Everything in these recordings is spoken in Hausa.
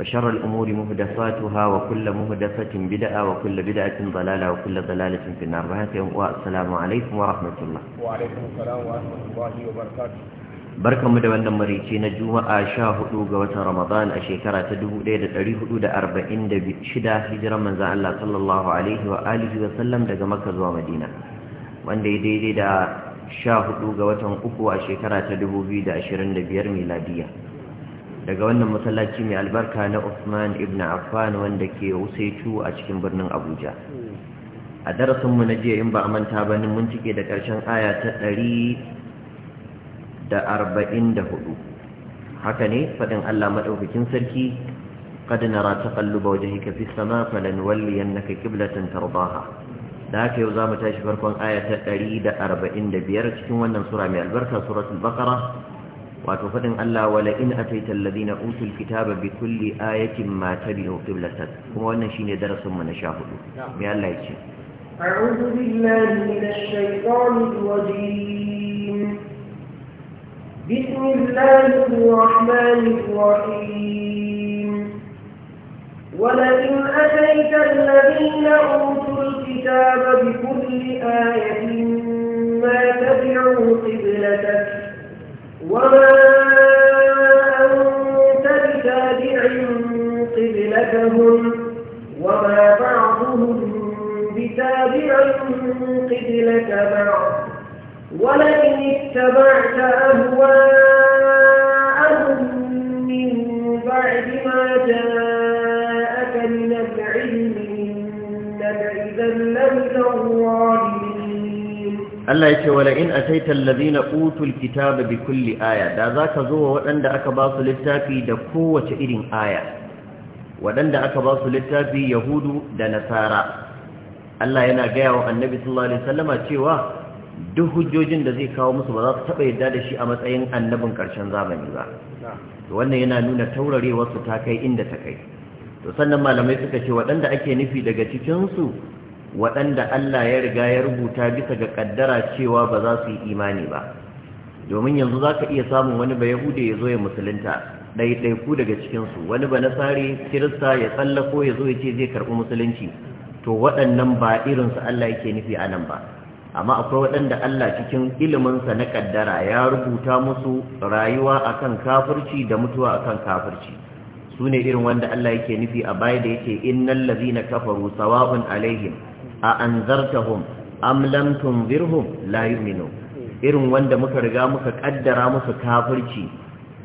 وشر الأمور مهدفاتها وكل مهدفة بدعة وكل بدعة ضلالة وكل ضلالة في النار والسلام عليكم ورحمة الله وعليكم السلام ورحمة الله وبركاته barkan mu da wannan marice na juma'a sha hudu ga watan ramadan a shekara ta dubu daya da dari da da hudu arba'in shida hijiran manzan Allah sallallahu alaihi wa alihi wa sallam daga makka zuwa madina wanda ya daidai da sha hudu ga watan uku a shekara ta dubu biyu da ashirin da biyar miladiya daga wannan masallaci mai albarka na Usman ibn Affan wanda ke Usaitu a cikin birnin Abuja a darasinmu na jiya in ba a manta ba mun cike da ƙarshen aya ta ɗari da arba'in da hudu haka ne faɗin Allah maɗaukakin sarki قد نرى تقلب وجهك في السماء فلنولينك قبلة ترضاها ذاك يوزام تاشفركم آية 145 cikin wannan sura mai albarka suratul baqara wato faɗin Allah wala in ataita alladhina utul kitaba bi kulli ayatin ma tabi'u qiblatak kuma wannan shine darasin mu na 14 me Allah yake a'udhu billahi minash shaitanir rajim bismillahir rahmanir rahim ولئن أتيت الذين أوتوا الكتاب بكل آية ما تبعوا قبلتك وما أنت بتابع قبلتهم وما بعضهم بتابع قبلة بعض ولئن اتبعت أهواءهم من بعد ما جاءك من العلم إنك إذا لمن الظالمين Allah ya ce wala in a allazina utul kitaba bi kulli aya da zaka zo wa waɗanda aka ba su littafi da kowace irin aya waɗanda aka ba su littafi yahudu da nasara Allah yana gaya wa annabi sallallahu alaihi wasallama cewa duk hujjojin da zai kawo musu ba za su taɓa yadda da shi a matsayin annabin ƙarshen zamani ba wannan yana nuna taurarewar su ta kai inda ta kai to sannan malamai suka ce waɗanda ake nufi daga cikin su waɗanda Allah ya riga ya rubuta bisa ga ƙaddara cewa ba za su yi imani ba domin yanzu za ka iya samun wani ba yahude ya zo ya musulunta ɗaiɗaiku daga cikinsu wani ba nasari kirista ya tsallako ya zo ya ce zai karɓi musulunci to waɗannan ba irinsu Allah yake nufi a nan ba amma akwai waɗanda Allah cikin iliminsa na ƙaddara ya rubuta musu rayuwa akan kafirci da mutuwa akan kafirci su ne irin wanda Allah yake nufi a baya da yake innal ladzina kafaru sawa'un alaihim a anzartahum am lam tunzirhum la yu'minu irin wanda muka riga muka kaddara musu kafirci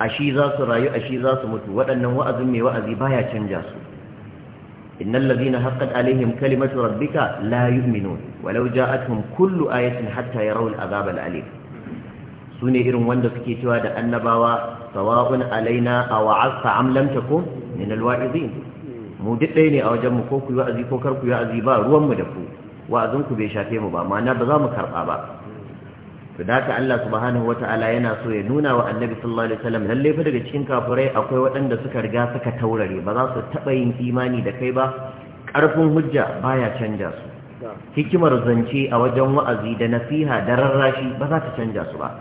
a shi za su rayu a shi za su mutu waɗannan wa'azin mai wa'azi baya canja su innal ladhina haqqat alaihim kalimatu rabbika la yu'minun walau ja'atuhum kullu ayatin hatta yarawul azab alif su sune irin wanda suke cewa da annabawa sawa'un alaina a a'asta am lam min al-wa'izin mu duk ɗaya ne a wajen mu ko ku wa'azi ko kar ku wa'azi ba ruwan mu da ku wa'azin ku bai shafe mu ba ma'ana ba za mu karɓa ba to da haka Allah subhanahu wata'ala yana so ya nuna wa Annabi sallallahu alaihi wasallam lalle fa daga cikin kafirai akwai waɗanda suka riga suka taurare ba za su taɓa yin imani da kai ba ƙarfin hujja baya canja su hikimar zance a wajen wa'azi da nasiha da rarrashi ba za ta canja su ba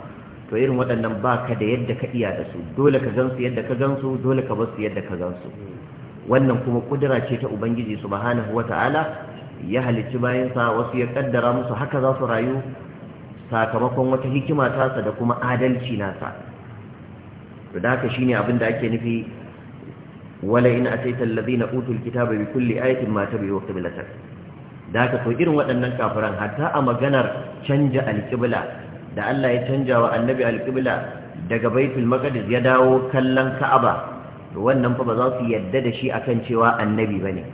to irin waɗannan ba ka da yadda ka iya da su dole ka gansu yadda ka su dole ka su yadda ka gansu wannan kuma kudura ce ta ubangiji subhanahu wata'ala ya halicci bayansa wasu ya kaddara musu haka za su rayu sakamakon wata hikima tasa da kuma adalci nasa to da haka shine abin da ake nufi wala in ataita alladhina utul kitaba bi kulli ayatin ma tabi'u qiblatak da haka to irin waɗannan kafiran hatta a maganar canja alqibla da Allah ya canja wa annabi alqibla daga baitul maqdis ya dawo kallon ka'aba to wannan fa ba za su yadda da shi akan cewa annabi bane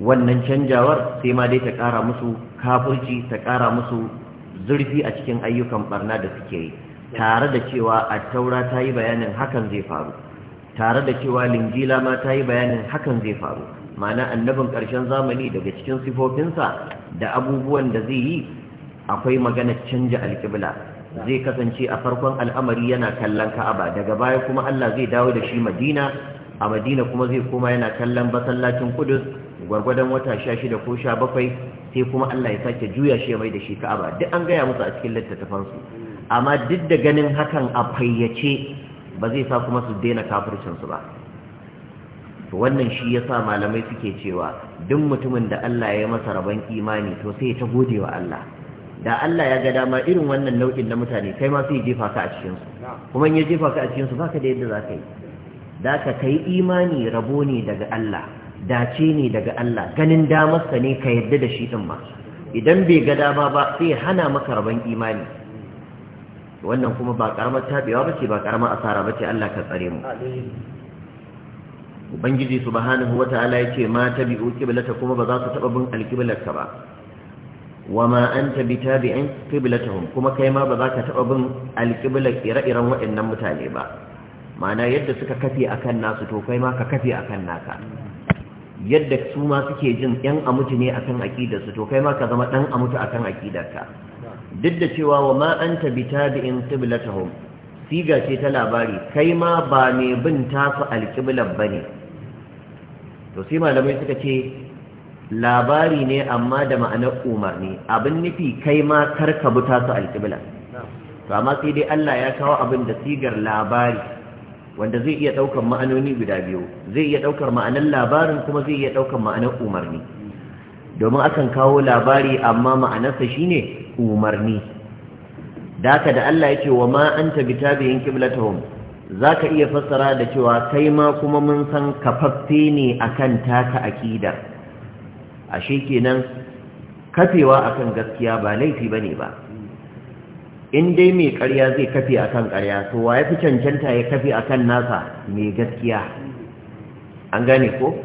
wannan canjawar sai ma dai ta kara musu kafurci ta kara musu zurfi a cikin ayyukan barna da suke yi tare da cewa Attaura taura ta yi bayanin hakan zai faru tare da cewa linjila ma ta yi bayanin hakan zai faru ma'ana annabin ƙarshen zamani daga cikin sifofinsa da abubuwan da zai yi akwai magana canja alƙibla zai kasance a farkon al'amari yana kallon ka'aba daga baya kuma Allah zai dawo da shi madina a madina kuma zai koma yana kallon masallacin kudus gwargwadon wata sha shida ko sha bakwai sai kuma Allah ya sake juya shi mai da shi ka'aba duk an gaya musu a cikin littattafansu amma duk da ganin hakan a fayyace ba zai sa kuma su daina kafircinsu ba wannan shi ya sa malamai suke cewa duk mutumin da Allah ya yi masa rabon imani to sai ta gode wa Allah da Allah ya ga dama irin wannan nau'in na mutane kai ma sai jefa ka a cikin su kuma in ya jefa ka a cikin su baka da yadda zaka yi da ka kai imani rabo ne daga Allah dace ne daga Allah ganin damarsa ne ka yadda da shi din ma idan bai ga dama ba sai hana maka rabon imani wannan kuma ba karamar tabewa bace ba karamar asara bace Allah ka tsare mu ubangiji subhanahu wataala yace ma tabi'u qiblata kuma ba za su taba bin alqiblarka ba wama anta tabi'in qiblatuhum kuma kai ma ba za ka taba bin alqibla ire-iren waɗannan mutane ba ma'ana yadda suka kafe akan nasu to kai ma ka kafe akan naka yadda su ma suke jin yan amutu ne akan aqidar su to kai ma ka zama ɗan amutu akan aqidar ka duk da cewa wama anta bitabi'in qiblatahum siga ce ta labari kai ma ba mai bin tafi alqiblar bane to sai malamai suka ce labari ne amma da ma'anar umarni abin nufi kai ma karka buta su alƙibla to amma sai dai Allah ya kawo abin da sigar labari wanda zai iya ɗaukar ma'anoni guda biyu zai iya ɗaukar ma'anar labarin kuma zai iya ɗaukar ma'anar umarni domin akan kawo labari amma ma'anarsa shine umarni Da haka da Allah ya ce wa ma anta bitabiyin qiblatahum za ka iya fassara da cewa kai ma kuma mun san kafaffe ne akan taka akidar ashe kenan kafewa akan gaskiya ba laifi bane ba in dai mai ƙarya zai kafe akan ƙarya to wa ya fi cancanta ya kafe akan nasa mai gaskiya an gane ko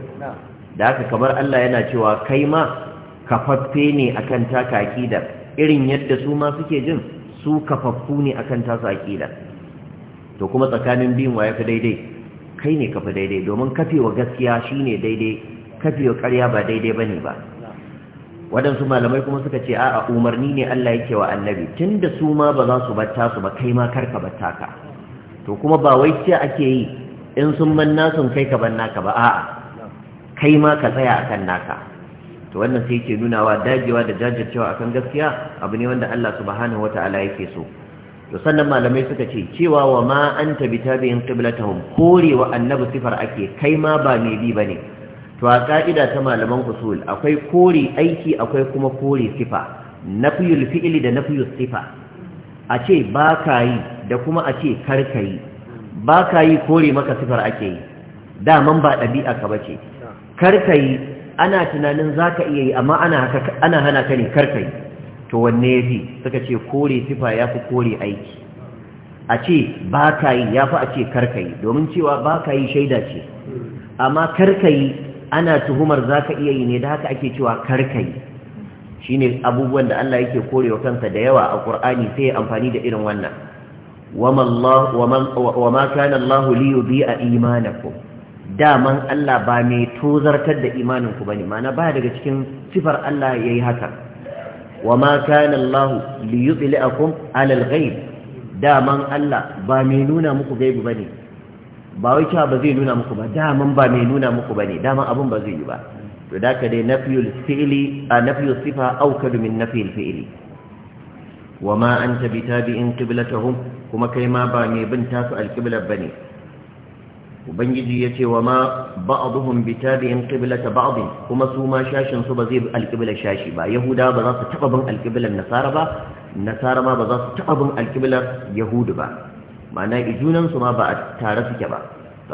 da haka kamar Allah yana cewa kai ma kafaffe ne akan taka aqida irin yadda su ma suke jin su kafaffu ne akan tasa aqida to kuma tsakanin biyun wa ya fi daidai kai ne kafa daidai domin kafewa gaskiya shine daidai kafewa ƙarya ba daidai ba ne ba waɗansu malamai kuma suka ce a'a umarni ne Allah yake wa annabi tun da su ma ba za su batta su ba kai ma karka batta ka to kuma ba wai ce ake yi in sun manna sun kai ka banna ka ba a'a kai ma ka tsaya akan naka to wannan sai ke nunawa dagewa da jajircewa akan gaskiya abu ne wanda Allah subhanahu wata'ala yake so to sannan malamai suka ce cewa wa ma anta bitabi'in qiblatahum korewa annabi sifar ake kai ma ba mai bi bane to a ka'ida ta malaman usul akwai kore aiki akwai kuma kore sifa nafiyul fi'li da nafiyus sifa a ce ba ka yi da kuma a ce kar ka yi ba ka yi kore maka sifar ake yi daman ba ɗabi'a ka bace kar ka yi ana tunanin za ka iya yi amma ana hana ka ne kar ka yi to wanne ya fi suka ce kore sifa ya fi kore aiki a ce ba ka yi ya fi a ce kar ka yi domin cewa ba ka yi shaida ce amma kar ka yi ana tuhumar za ka iya yi ne da haka ake cewa karkai shi ne abubuwan da Allah yake korewa kansa da yawa a ƙur'ani sai ya amfani da irin wannan wa ma lahu liyu bi a imanakum daman Allah ba mai tozartar da imaninku ba ne, mana baya daga cikin sifar Allah ya yi haka wa ma Allah liyu bi li'akun al daman Allah ba mai nuna muku ba ne. ba wai cewa ba zai nuna muku ba daman ba mai nuna muku ba ne daman abin ba zai yi ba to da ka dai na fi'li sifa auka domin na min nafiyul fi'li wa ma an anta bitabi'in qiblatahum kuma kai ma ba mai bin tasu ba ne. ubangiji ya ce wa ma duhun ba'dhum bitabi'in qiblata ba'd kuma su ma shashin su ba zai bi alqiblar shashi ba yahuda ba za su taɓa bin alqiblar nasara ba nasara ma ba za su taɓa bin alqiblar yahudu ba ma'ana junansu ma ba a tare suke ba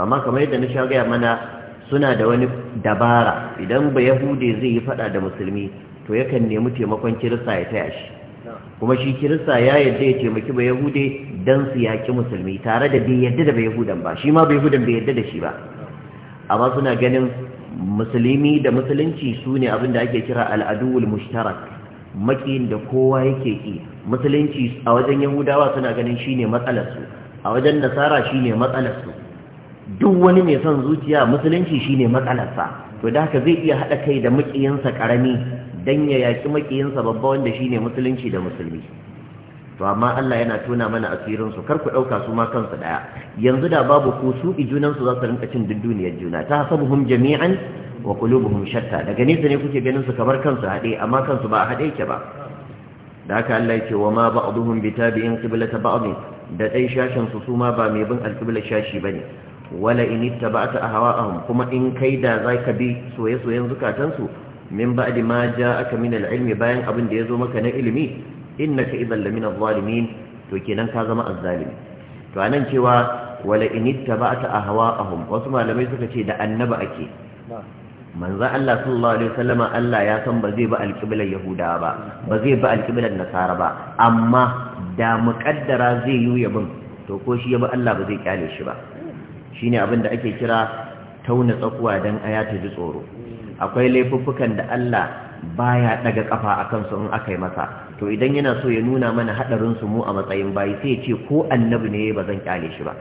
amma kamar yadda na sha gaya mana suna da wani dabara idan ba yahude zai yi fada da musulmi to yakan nemi taimakon kirista ya taya shi kuma shi kirista ya yadda ya taimaki ba yahude don su yaƙi musulmi tare da bai yadda da ba yahudan ba shi ma ba yahudan bai yadda da shi ba amma suna ganin musulmi da musulunci su ne abin da ake kira al'adul mushtarak makiyin da kowa yake ki musulunci a wajen yahudawa suna ganin shine su a wajen nasara ne matsalarsu duk wani mai son zuciya musulunci shine matsalarsa to da haka zai iya haɗa kai da makiyinsa ƙarami don ya yaƙi maƙiyansa babba wanda shi ne musulunci da musulmi to amma Allah yana tona mana asirinsu kar ku ɗauka su ma kansu ɗaya yanzu da babu ku su junansu za su rinka cin dunduniyar juna ta hasabuhum jami'an wa qulubuhum shatta daga nesa ne kuke ganin su kamar kansu haɗe amma kansu ba a haɗe ke ba da haka Allah yake wa ma ba'duhum bitabi'in qiblata ba'd da dai shashin su suma ba mai bin alqibla shashi bane wala in ittaba'ta ahwa'ahum kuma in kai da zaka bi soye-soyen zukatan su min ba'di ma ja'aka min al bayan abin da yazo maka na ilimi innaka idan lamina zalimin to kenan ka zama azzalimi to anan cewa wala in ittaba'ta ahwa'ahum wasu malamai suka ce da annaba ake manzo Allah sallallahu alaihi wasallama Allah ya san ba zai ba alqiblar yahudawa ba ba zai ba alqiblar nasara ba amma da muƙaddara zai yi yabin to ko shi ya yabi Allah ba zai kyale shi ba shine abin da ake kira tauna tsakuwa dan aya ta ji tsoro akwai laifuffukan da Allah baya daga kafa akan su in akai masa to idan yana so ya nuna mana hadarin su mu a matsayin bayi sai ya ce ko annabi ne ba zan kyale shi ba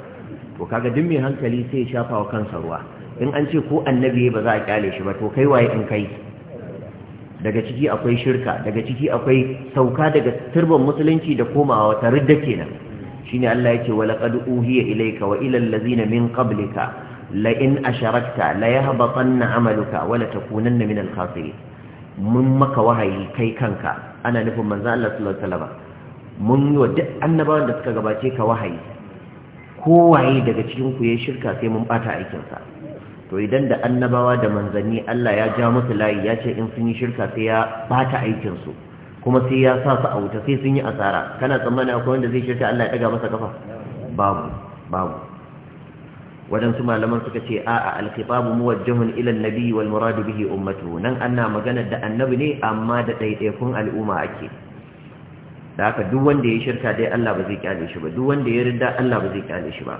to kaga duk mai hankali sai ya shafa wa kansa ruwa in an ce ko annabi ba za a kyale shi ba to kai waye in kai daga ciki akwai shirka daga ciki akwai sauka daga turban musulunci da komawa wata ridda kenan shine Allah yake wala qad uhiya ilayka wa ila allazina min qablika la in asharakta la yahbatanna amaluka wa la takunanna min al-khasirin mun maka wahayi kai kanka ana nufin manzo Allah sallallahu alaihi wasallam mun yi wa duk annabawan da suka gabace ka wahayi kowaye daga cikin ku ya shirka sai mun bata aikin aikinsa to idan da annabawa da manzanni Allah ya ja musu layi ya ce in sun yi shirka sai ya bata aikin su kuma sai ya sa su a wuta sai sun yi asara kana tsammani akwai wanda zai shirka Allah ya daga masa kafa babu babu wadansu malaman suka ce a'a al-khitabu muwajjahun ila an wal murad bihi ummatu nan ana magana da annabi ne amma da daidaikun al'umma ake da haka duk wanda ya shirka dai Allah ba zai kyale shi ba duk wanda ya ridda Allah ba zai kyale shi ba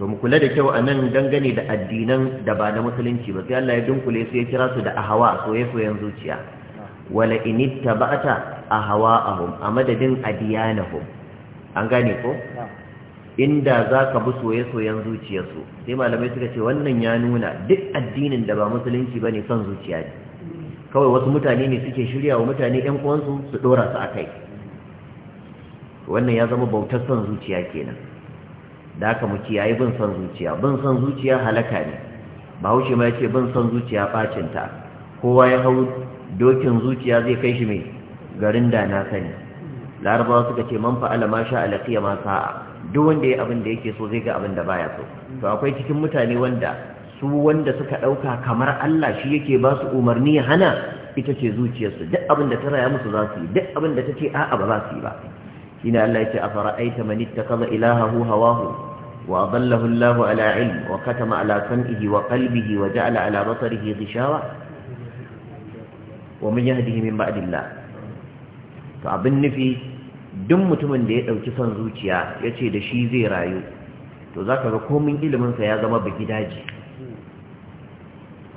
to mu kula da kyau a nan dangane da addinan da ba na musulunci ba sai Allah ya dunkule su ya kira su da ahawa soyayyen zuciya wala initta ba'ata ahawa'ahum a madadin adiyanahum an gane ko inda za ka bi soyayyen soyen zuciyarsu sai malamai suka ce wannan ya nuna duk addinin da ba musulunci ba ne son zuciya ne kawai wasu mutane ne suke shirya wa mutane ɗan uwansu su ɗora su a kai wannan ya zama bautar son zuciya kenan da haka mu kiyaye bin son zuciya bin son zuciya halaka ne bahaushe ma ce bin son zuciya bacin ta kowa ya hau dokin zuciya zai kai shi mai garin da na sani larabawa suka ce man fa'ala ma sha alaqiya ma sa'a duk wanda ya abin da yake so zai ga abin da baya so to akwai cikin mutane wanda su wanda suka dauka kamar Allah shi yake ba su umarni ya hana ita ce zuciyarsu duk abin da ta raya musu za su yi duk abin da ta ce a'a ba za su yi ba shine Allah yake afara aita man ittakhadha ilahahu hawahu وأضله الله على علم وختم على سمعه وقلبه وجعل على بصره غشاوة ومن يهده من بعد الله فأبن في دم متمن دي أو كسان زوجيا يتي دشي زي رايو to za ka ga komin iliminsa ya zama baki daji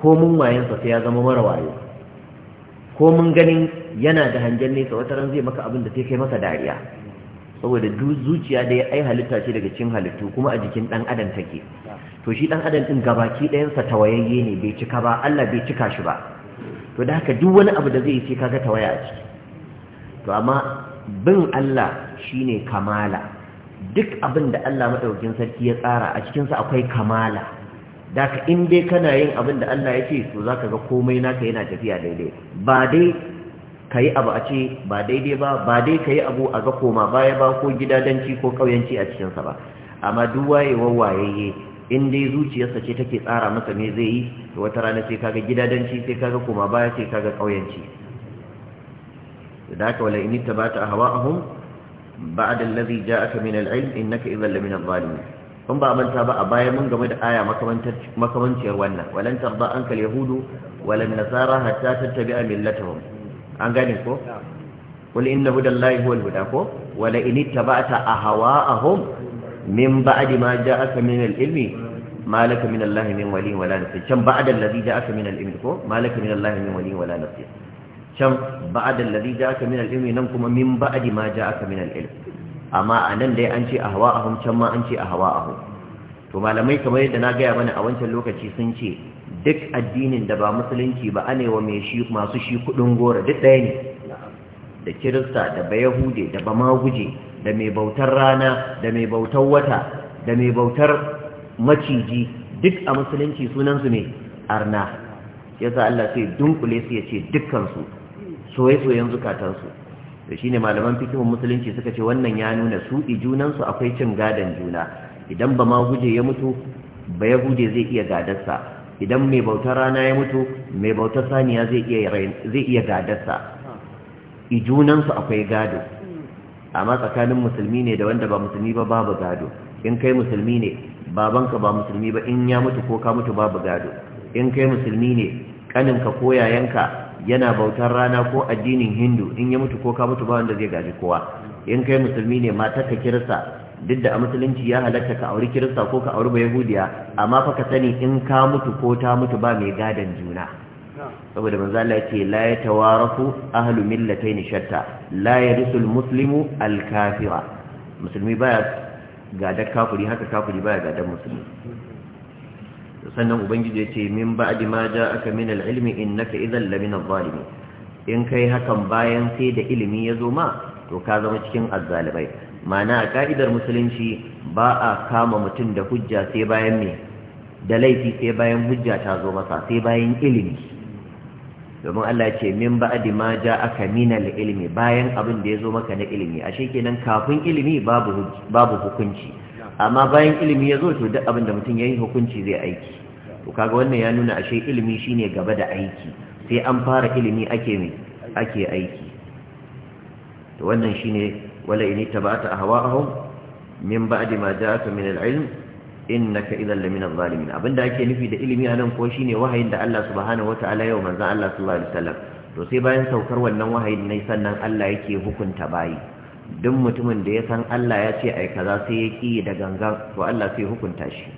komin wayansa sai ya zama mara wayo komin ganin yana da hangen nesa wata ran zai maka abin da sai kai masa dariya saboda zuciya da ya ai halitta ce daga cikin halittu kuma a jikin ɗan adam take to shi ɗan adam ɗin gabaki ɗayansa tawayayye ne bai cika ba Allah bai cika shi ba to da haka duk wani abu da zai ce kaga tawaya a ciki to amma bin Allah shi ne kamala duk abin da Allah maɗaukin sarki ya tsara a cikinsa akwai kamala da haka in dai kana yin abin da Allah ya ce to zaka ga komai naka yana tafiya daidai ba dai ka yi abu a ce ba daidai ba ba dai ka yi abu a ga koma baya ba ko gidadanci ko ƙauyanci a cikinsa ba amma duk waye wayayye in dai zuciyarsa ce take tsara masa me zai yi da wata rana sai kaga gidadanci sai kaga koma baya sai kaga ƙauyanci da ka wala in ba a dallazi ja aka min al in innaka idhan lamina adh-dhalimin kun ba manta ba a baya mun game da aya makamanciyar wannan walantar ba an kal yahudu wala nasara hatta a millatahum an gane ko qul inna hudallahi huwal huda ko wala in ittaba'ta ahwa'ahum min ba'di ma ja'aka min al-ilmi ma laka min Allah min wali wala nasir can ba'da alladhi ja'aka min al-ilmi ko ma laka min Allah min wali wala nasir can ba'da alladhi ja'aka min al-ilmi nan kuma min ba'di ma ja'aka min al-ilmi amma anan dai an ce ahwa'ahum can ma an ce ahwa'ahum to malamai kamar yadda na gaya mana a wancan lokaci sun ce duk addinin da ba musulunci ba ane wa mai shi masu shi kudin gora duk ɗaya ne da kirista da bayahude da bamaguje da mai bautar rana da mai bautar wata da mai bautar maciji duk a musulunci sunansu ne arna Ya sa Allah sai dunkule su ya ce dukkansu soye-soyen zukatansu da shine malaman fikihun musulunci suka ce wannan ya nuna su junansu akwai cin gadon juna idan ba maguje ya mutu ba yahude zai iya gadarsa idan mai bautar rana ya mutu mai bautar saniya zai iya zai iya gadarsa ijunansu akwai gado amma tsakanin musulmi ne da wanda ba musulmi ba babu gado in kai musulmi ne babanka ba musulmi ba in ya mutu ko ka mutu babu gado in kai musulmi ne kaninka ko yayanka yana bautar rana ko addinin hindu in ya mutu ko ka mutu ba wanda zai gaji kowa in kai musulmi ne matarka kirsa. duk da a musulunci ya halarta ka auri kirista ko ka auri bayahudiya amma fa ka sani in ka mutu ko ta mutu ba mai gadan juna saboda manzo Allah yake la yatawarasu ahlu millatayn shatta la yarisu almuslimu alkafira musulmi baya gadar kafiri haka kafiri baya gadar musulmi sannan ubangiji yake min ba'di ma ja'aka min alilmi innaka idhan lamina adh-dhalimin in kai hakan bayan sai da ilimi ya zo ma to ka zama cikin azzalibai Ma'ana a ka'idar musulunci ba a kama mutum da hujja sai bayan me da laifi sai bayan hujja ta zo masa sai bayan ilimi domin Allah ce min ba'di ma mina minal ilmi bayan abin da ya zo maka na ilimi ashe kenan kafin ilimi babu hukunci amma bayan ilimi ya zo to duk abin da mutum yi hukunci zai aiki to kaga wannan ya nuna ashe ilimi shine gaba da aiki sai an fara ilimi ake me ake aiki to wannan shine ولئن اتبعت اهواءهم من بعد ما جاءك من العلم انك اذا لمن الظالمين ابن da yake nufi da ilimi anan ko shine wahayin da Allah subhanahu wataala ya manzan Allah sallallahu alaihi wasallam to sai bayan saukar wannan wahayin ne sannan Allah yake hukunta bayi duk mutumin da ya san Allah ya ce ai kaza sai ya ki da gangan to Allah sai hukunta shi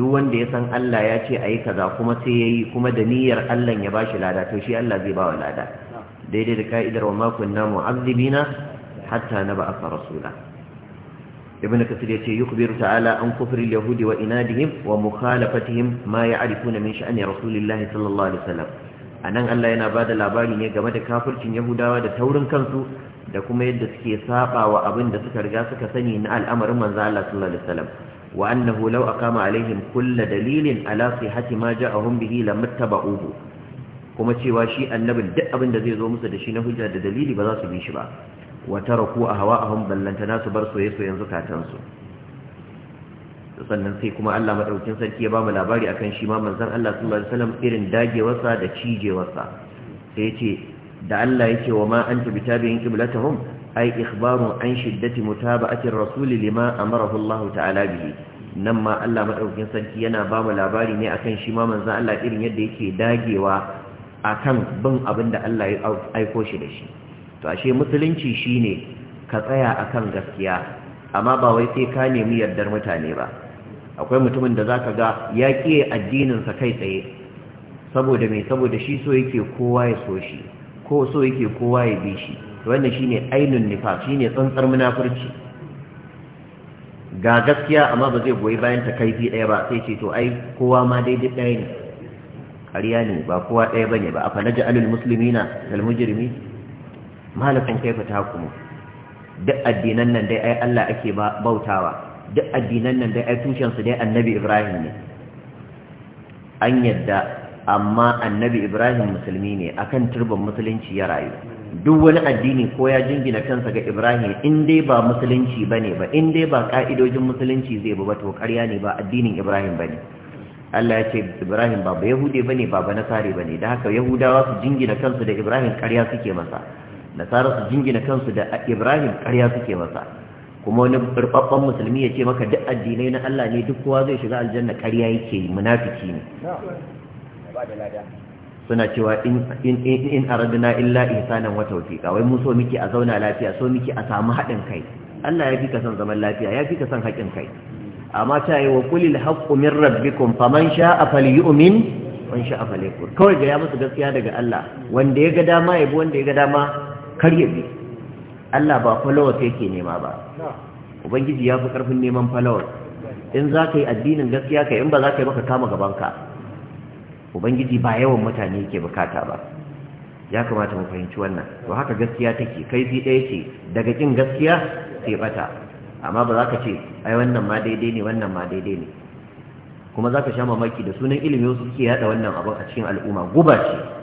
duk wanda ya san Allah ya ce ai kaza kuma sai yayi kuma da niyyar Allah ya ba shi lada to shi Allah zai bawa wa lada daidai da kaidar wa makon kunna mu'azzibina hatta na ba asa rasula ibn kasir yace yukbiru ta'ala an kufri al-yahudi wa inadihim wa mukhalafatihim ma ya'rifuna min sha'ani rasulillahi sallallahu alaihi wasallam anan Allah yana bada labari ne game da kafircin yahudawa da taurin kansu da kuma yadda suke saba wa abin da suka riga suka sani na al'amarin manzo Allah sallallahu alaihi wasallam wa annahu law aqama alaihim kullu dalilin ala sihhati ma ja'ahum bihi lamattaba'uhu kuma cewa shi annabin duk abin da zai zo musu da shi na hujja da dalili ba za su bi shi ba wa taraku ahwa'ahum ballantana su bar soyayya zukatan su sannan sai kuma Allah madaukin sarki ya ba mu labari kan shi ma Manzan Allah sallallahu alaihi Salam irin dagewarsa da cijewarsa sai yace da Allah ya ce wa ma anta bitabi'in qiblatuhum ai ikhbaru an shiddati mutaba'ati ar-rasul lima a Allah ta'ala bihi nan ma Allah Maɗaukin sarki yana ba mu labari ne akan shi ma Manzan Allah irin yadda yake dagewa akan bin abin da Allah ya aiko shi da shi to ashe musulunci shine ka tsaya akan gaskiya amma ba wai sai ka nemi yardar mutane ba akwai mutumin da zaka ga ya kiye addinin sa kai tsaye saboda me saboda shi so yake kowa ya so shi ko so yake kowa ya bi shi wannan shine ainun nifaq shine tsantsar munafurci ga gaskiya amma ba zai goyi bayan ta kaifi ɗaya ba sai ce to ai kowa ma daidai ɗaya ne ƙarya ne ba kowa ɗaya bane ba a fanaji alul musulmi na malakan kaifa kuma duk addinan nan dai ai Allah ake bautawa duk addinan nan dai ai tushen su dai annabi Ibrahim ne an yadda amma annabi Ibrahim musulmi ne akan turban musulunci ya rayu duk wani addini ko ya jingina kansa ga Ibrahim in dai ba musulunci bane ba in dai ba ka'idojin musulunci zai ba to ƙarya ne ba addinin Ibrahim bane Allah ya ce Ibrahim ba ba ba bane ba ba Nasare bane da haka Yahudawa su jingina kansu da Ibrahim ƙarya suke masa nasara su jingina kansu da ibrahim ƙarya suke masa kuma wani birbabban musulmi ya ce maka duk addinai na Allah ne duk kowa zai shiga aljanna ƙarya yake yi munafiki ne suna cewa in aradina illa ihsanan wa tawfiqa wai mu so miki a zauna lafiya so miki a samu haɗin kai Allah ya fi ka zaman lafiya ya fi ka son kai amma ta yi wa kulil haqqu min rabbikum faman sha'a falyu'min man sha'a falyakfur kawai ga ya musu gaskiya daga Allah wanda ya ga dama ya bi wanda ya ga dama kar ya bi Allah ba ta yake nema ba ubangiji ya fi karfin neman falawar in za ka yi addinin gaskiya ka in ba za ka yi maka kama gabanka ubangiji ba yawan mutane yake bukata ba ya kamata mu fahimci wannan to haka gaskiya take kai fi ɗaya ce daga kin gaskiya sai bata amma ba za ka ce ai wannan ma daidai ne wannan ma daidai ne kuma za ka sha mamaki da sunan ilimi wasu suke yada wannan abin a cikin al'umma guba ce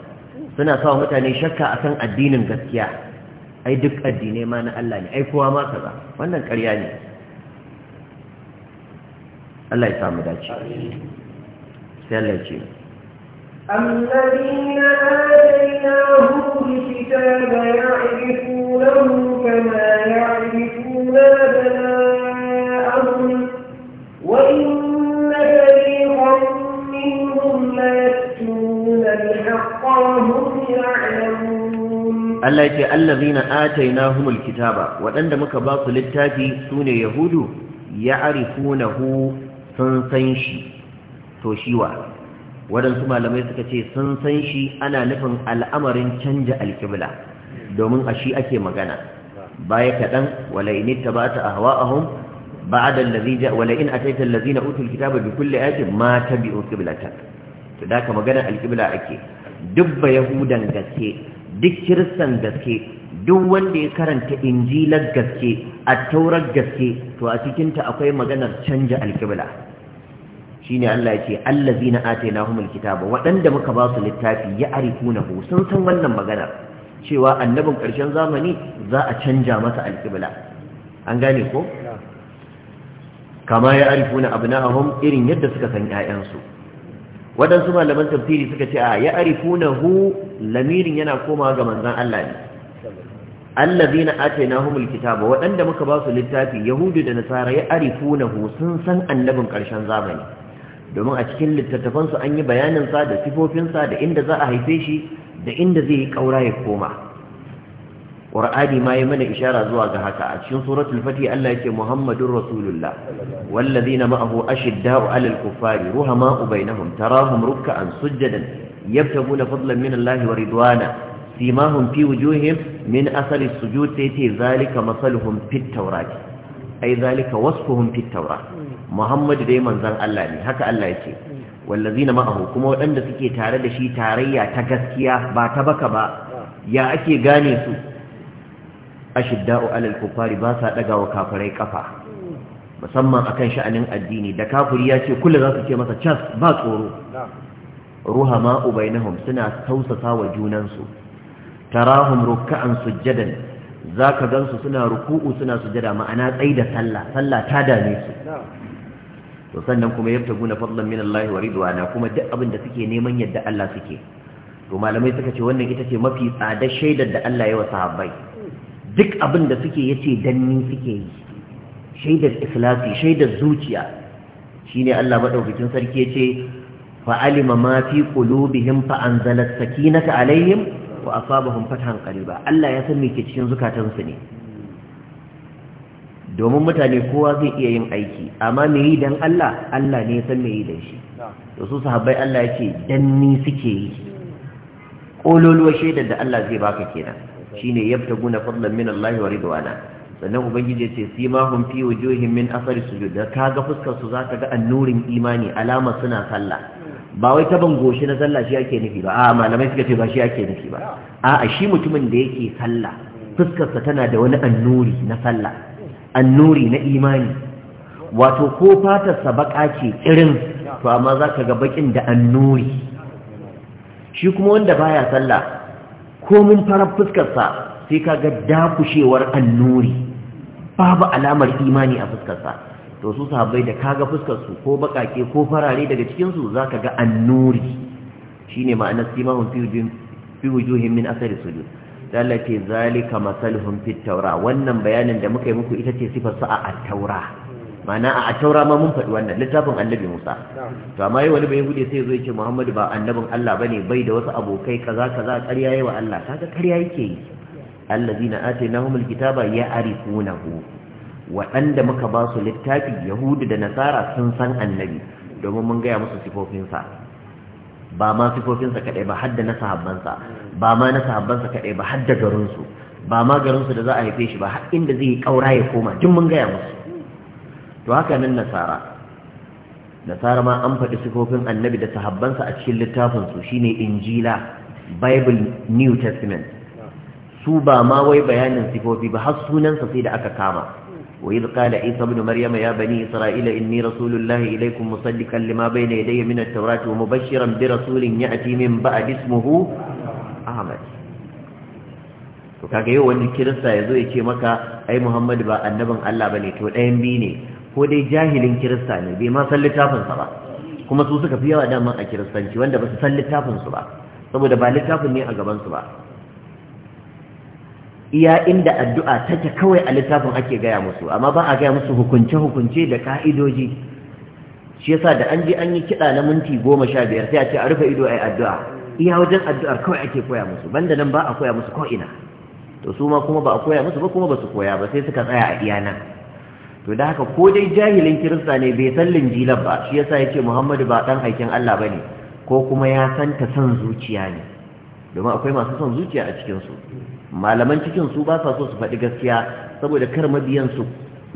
suna sa mutane shakka akan addinin gaskiya ai duk addinai ma na Allah ne ai kowa ma kaza wannan ƙarya ne Allah ya samu dace sai Allah ya da ce الذين آتيناهم الكتاب da كما يعرفون أبناءهم وإن فريقا Allah ya ce, Allazina atai na humul kitaba, waɗanda muka ba su littafi sune Yahudu, ya arifunahu sun san shi, to shi wa, malamai suka ce sun san shi ana nufin al’amarin canja alƙibla, domin a shi ake magana, Baya kaɗan, wala inita ba ta a hawa ahun, بعد الذي جاء ولئن أتيت الذين أوتوا الكتاب بكل آية ما تبعوا قبلتك فذاك مغنى القبلة أكي دب يهودا قسكي دك كرسا قسكي duk wanda ya karanta injilar gaske a taurar gaske to a cikinta akwai maganar canja alkibla shine Allah ya ce allazina atainahumul kitaba waɗanda muka ba su littafi ya arifunahu sun san wannan maganar cewa annabin ƙarshen zamani za a canja masa alkibla an gane ko kama ya na abna'ahum irin yadda suka san 'ya'yansu. waɗansu malaman tafsiri suka ce a ya arifuna hu lamirin yana komawa ga manzan Allah ne na humul kitaba waɗanda muka ba su littafi yahudu da nasara ya arifunahu sun san annabin ƙarshen zamani domin a cikin littattafansu an yi bayanin sa da sifofinsa da inda za a haife shi da inda zai yi ƙaura ya koma qur'ani ma ya mana ishara zuwa ga haka a cikin suratul Fati Allah yake muhammadur rasulullah wallazina ma'ahu ashidda'u 'alal kuffari ruhama'u bainahum tarahum ruk'an sujadan yabtaguna fadlan min Allah wa ridwana simahum fi wujuhihim min asali sujud sai zalika masaluhum fit tawrat ai zalika wasfuhum fit tawrat muhammadu dai manzon Allah ne haka Allah yake wallazina ma'ahu kuma waɗanda suke tare da shi tarayya ta gaskiya ba ta baka ba ya ake gane su ashidda'u alal kufari ba sa dagawa kafirai kafa musamman akan sha'anin addini da kafiri ya ce kullu za su ce masa cas ba tsoro ruhama ubainahum suna tausasa wa junansu tarahum ruk'an sujjadan zaka gansu suna ruku'u suna sujjada ma'ana tsayi da sallah sallah ta dame su to sannan kuma yabtaguna fadlan min Allah wa ridwana kuma duk abin da suke neman yadda Allah suke to malamai suka ce wannan ita ce mafi tsadar shaidar da Allah ya wa sahabbai duk abin da suke yace danni suke yi shaidar ikhlasi shaidar zuciya shine Allah madaukakin sarki yace fa alima ma fi qulubihim fa anzala sakinata alaihim wa asabahum fathan qariba Allah ya san me cikin zukatansu ne domin mutane kowa zai iya yin aiki amma me yi dan Allah Allah ne ya san me yi dan shi to su sahabbai Allah yace danni suke yi kololuwa shaidar da Allah zai baka kenan shine yabtaguna fadlan min Allah wa ridwana sannan ubangiji ya ce simahum fi wujuhihim min athari sujud da kaga fuskar su zaka ga annurin imani alama suna sallah ba wai taban goshi na sallah shi ake nufi ba a malamai suka ce ba shi ake nufi ba A'a shi mutumin da yake sallah fuskarsa tana da wani annuri na sallah annuri na imani wato ko fatarsa baka ce irin to amma za ka ga bakin da annuri shi kuma wanda baya sallah komin farar fuskarsa sai ka ga dakushewar annuri babu alamar imani a fuskarsa to su sahabbai da kaga fuskarsu ko bakake ko farare daga cikinsu za ka ga annuri shi ne ma'anar simahun fi wujuhin min asari sujud lalace zalika masalhun fit taura wannan bayanin da muka yi muku ita ce sifarsa a taura mana a taura ma mun faɗi wannan littafin annabi Musa to amma yayi wani bai hude sai zo yake Muhammadu ba annabin Allah ne bai da wasu abokai kaza kaza karya yayi wa Allah kaga ƙarya yake yi allazina atainahumul kitaba ya'rifunahu waɗanda muka ba su littafi yahudu da nasara sun san annabi domin mun gaya musu sifofinsa ba ma sifofinsa kaɗai ba hadda na sahabbansa ba ma na sahabbansa kaɗai ba hadda garinsu ba ma garinsu da za a haife shi ba har inda zai yi ƙaura ya koma duk mun gaya musu to haka nan nasara nasara ma an faɗi sifofin annabi da sahabbansa a cikin littafinsu shine injila bible new testament su ba ma wai bayanin sifofi ba har sunansa sai da aka kama وإذ قال عيسى ابن مريم يا بني إسرائيل إني رسول الله إليكم مصدقا لما بين يدي من التوراة ومبشرا برسول يأتي من بعد اسمه أحمد وكاكا يو وان الكرسة يزوي كي مكا أي محمد با النبن الله بني تو الأنبي ne ko dai jahilin kirista ne bai ma san littafinsa ba kuma su suka fi yawa daman a kiristanci wanda ba su san littafinsu ba saboda ba littafin ne a gabansu ba iya inda addu'a take kawai a littafin ake gaya musu amma ba a gaya musu hukunce-hukunce da ka'idoji shi yasa da an je an yi kiɗa na minti goma sha biyar sai a ce a rufe ido a yi addu'a iya wajen addu'ar kawai ake koya musu banda nan ba a koya musu ko ina, to su ma kuma ba a koya musu ba kuma ba su koya ba sai suka tsaya a iya to da haka ko dai jahilin kirista ne bai san linjilar ba shi yasa yake Muhammadu ba dan aikin Allah ba ne, ko kuma ya san ta san zuciya ne domin akwai masu son zuciya a cikin su malaman cikin su ba sa so su faɗi gaskiya saboda kar mabiyan su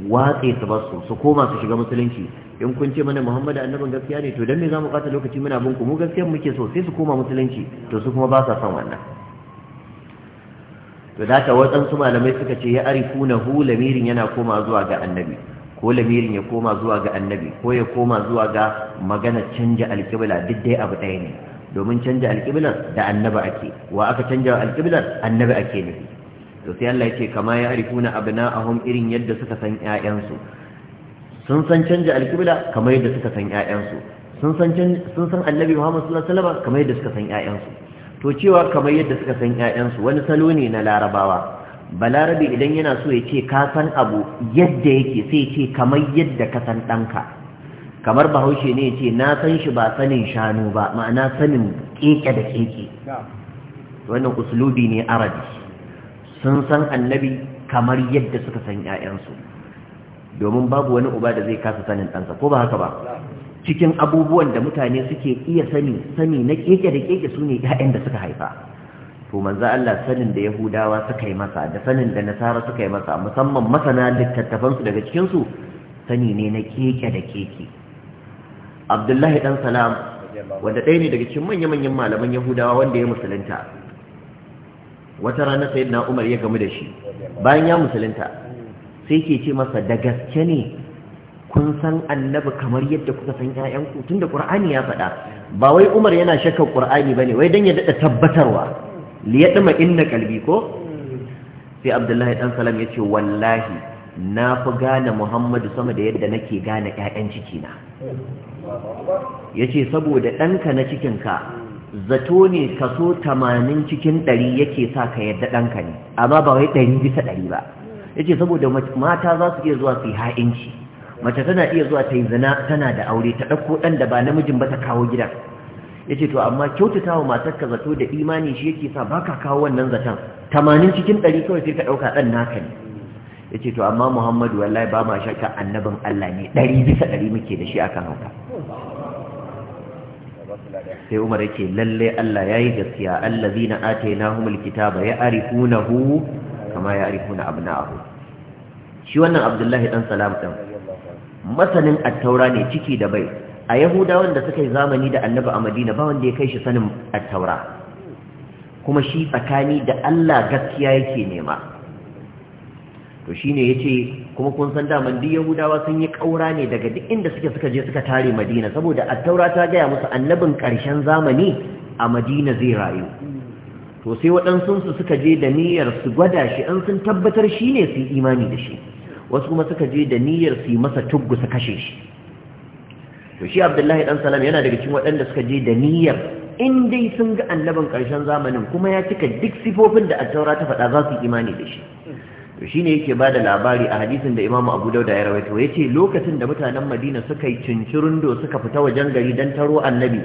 watse su ba su su koma su shiga musulunci in kun ce mana Muhammadu annabin gaskiya ne to dan me zamu kata lokaci muna bin ku mu gaskiya muke so sai su koma musulunci to su kuma ba sa son wannan to da ta waɗansu malamai suka ce ya arifu na hu lamirin yana koma zuwa ga annabi ko lamirin ya koma zuwa ga annabi ko ya koma zuwa ga magana canja alƙibla duk dai abu ɗaya ne domin canja alƙiblar da annaba ake wa aka canja alƙiblar Annabi ake nufi to sai Allah yake kama ya arifu na arifuna abna'ahum irin yadda suka san ƴaƴansu sun san canja alƙibla kamar yadda suka san ƴaƴansu sun san sun san annabi Muhammad sallallahu alaihi wasallam kamar yadda suka san ƴaƴansu to cewa kamar yadda suka san ƴaƴansu wani salo ne na larabawa balarabe idan yana so ya ce ka san abu yadda yake sai ya ce kamar yadda ka san ɗanka kamar bahaushe ne ya ce na san shi ba sanin shanu ba ma'ana sanin keke da keke wannan uslubi ne arabi sun san annabi kamar yadda suka san ƴaƴansu domin babu wani uba da zai kasa sanin ɗansa ko ba haka ba cikin abubuwan da mutane suke iya sani sani na keke da keke su ne ‘ya'yan da suka haifa to manzo Allah sanin da Yahudawa suka yi masa da sanin da Nasara suka yi masa musamman masana littattafansu daga cikinsu sani ne na keke da keke Abdullahi dan salam wanda ɗaya ne daga cikin manya-manyan malaman Yahudawa wanda ya musulunta wata rana sai Na'umar, Umar ya gamu da shi bayan ya musulunta sai ke ce masa da gaske ne kun san annabi kamar yadda kuka san ƴaƴanku tunda qur'ani ya faɗa ba wai umar yana shakkar qur'ani ne, wai dan ya daɗa tabbatarwa li yadma inna qalbi ko sai abdullahi ɗan salam ya ce, wallahi na fi gane muhammadu sama da yadda nake gane ƴaƴan cikina yace saboda ɗanka na cikinka zato ne kaso tamanin cikin ɗari yake sa ka yadda ɗanka ne amma ba wai ɗari bisa ɗari ba yace saboda mata za su iya zuwa su yi ha'inci mace tana iya zuwa ta yi zina tana da aure ta ɗauko ɗan da ba namijin ba ta kawo gida ya ce to amma kyautata wa matarka zato da imani shi yake sa ba ka kawo wannan zaton tamanin cikin ɗari kawai sai ka ɗauka ɗan naka ne ya ce to amma muhammadu wallahi ba ma shakka annabin allah ne ɗari bisa ɗari muke da shi akan hauka sai umar yake lallai allah ya yi gaskiya allazina likita kitaba ya hu? kama ya na abu. shi wannan abdullahi dan salam ɗin masanin attaura ne ciki da bai a Yahuda, wanda suka yi zamani da annabi a madina ba wanda ya kai shi sanin attaura kuma shi tsakani da allah gaskiya yake nema to shi ne ya ce kuma kun san daman duk yahudawa sun yi ƙaura ne daga duk inda suke suka je suka tare madina saboda attaura ta gaya musu annabin ƙarshen zamani a madina zai rayu to sai waɗansu suka je da niyyar su gwada shi an sun tabbatar shi ne su imani da shi wasu kuma suka je da niyyar su yi masa tuggu su kashe shi to shi abdullahi dan salam yana daga cikin waɗanda suka je da niyyar in dai sun ga annabin ƙarshen zamanin kuma ya cika duk sifofin da attaura ta faɗa za su yi imani da shi to shine yake bada labari a hadisin da Imam Abu Dawud ya rawaito yace lokacin da mutanen Madina suka yi do suka fita wajen gari dan taro annabi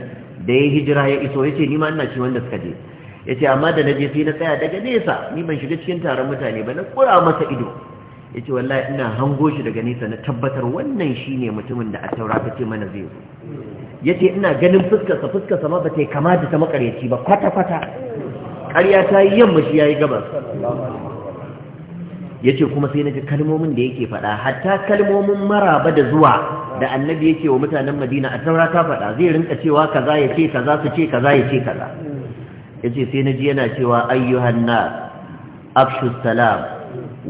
da ya hijira ya iso yace ni ma ina ci wanda suka je yace amma da na je sai na tsaya daga nesa ni ban shiga cikin taron mutane ba na kura masa ido ya ce wallahi ina hango shi daga nesa na tabbatar wannan shi ne mutumin da a taura ta ce mana zai zo ya ce ina ganin fuskarsa fuskarsa ma ba ta yi kama da ta makaryaci ba kwata-kwata ƙarya ta yi yamma shi ya yi gabas ya ce kuma sai na ji kalmomin da yake faɗa hatta kalmomin maraba da zuwa da annabi yake wa mutanen madina a taura ta faɗa zai rinka cewa kaza ya ce kaza su ce kaza ya ce kaza ya ce sai na ji yana cewa ayyuhan na afshu salam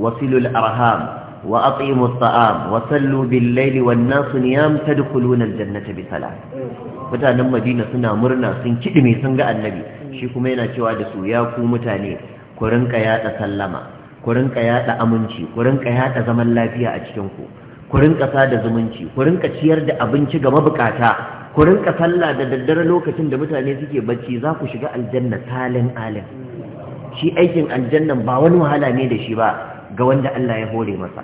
وصلوا الأرهام وأطعموا الطعام وصلوا بالليل والناس نيام تدخلون الجنة sala. mutanen madina suna murna sun kiɗi mai sun ga annabi shi kuma yana cewa da su ya ku mutane ku rinka yada sallama ku rinka yada aminci ku rinka yada zaman lafiya a cikin ku ku rinka sada zumunci ku rinka ciyar da abinci ga mabukata ku rinka sallah da daddare lokacin da mutane suke bacci za ku shiga aljanna salin alin shi aikin aljannan ba wani wahala ne da shi ba ga wanda Allah ya hore masa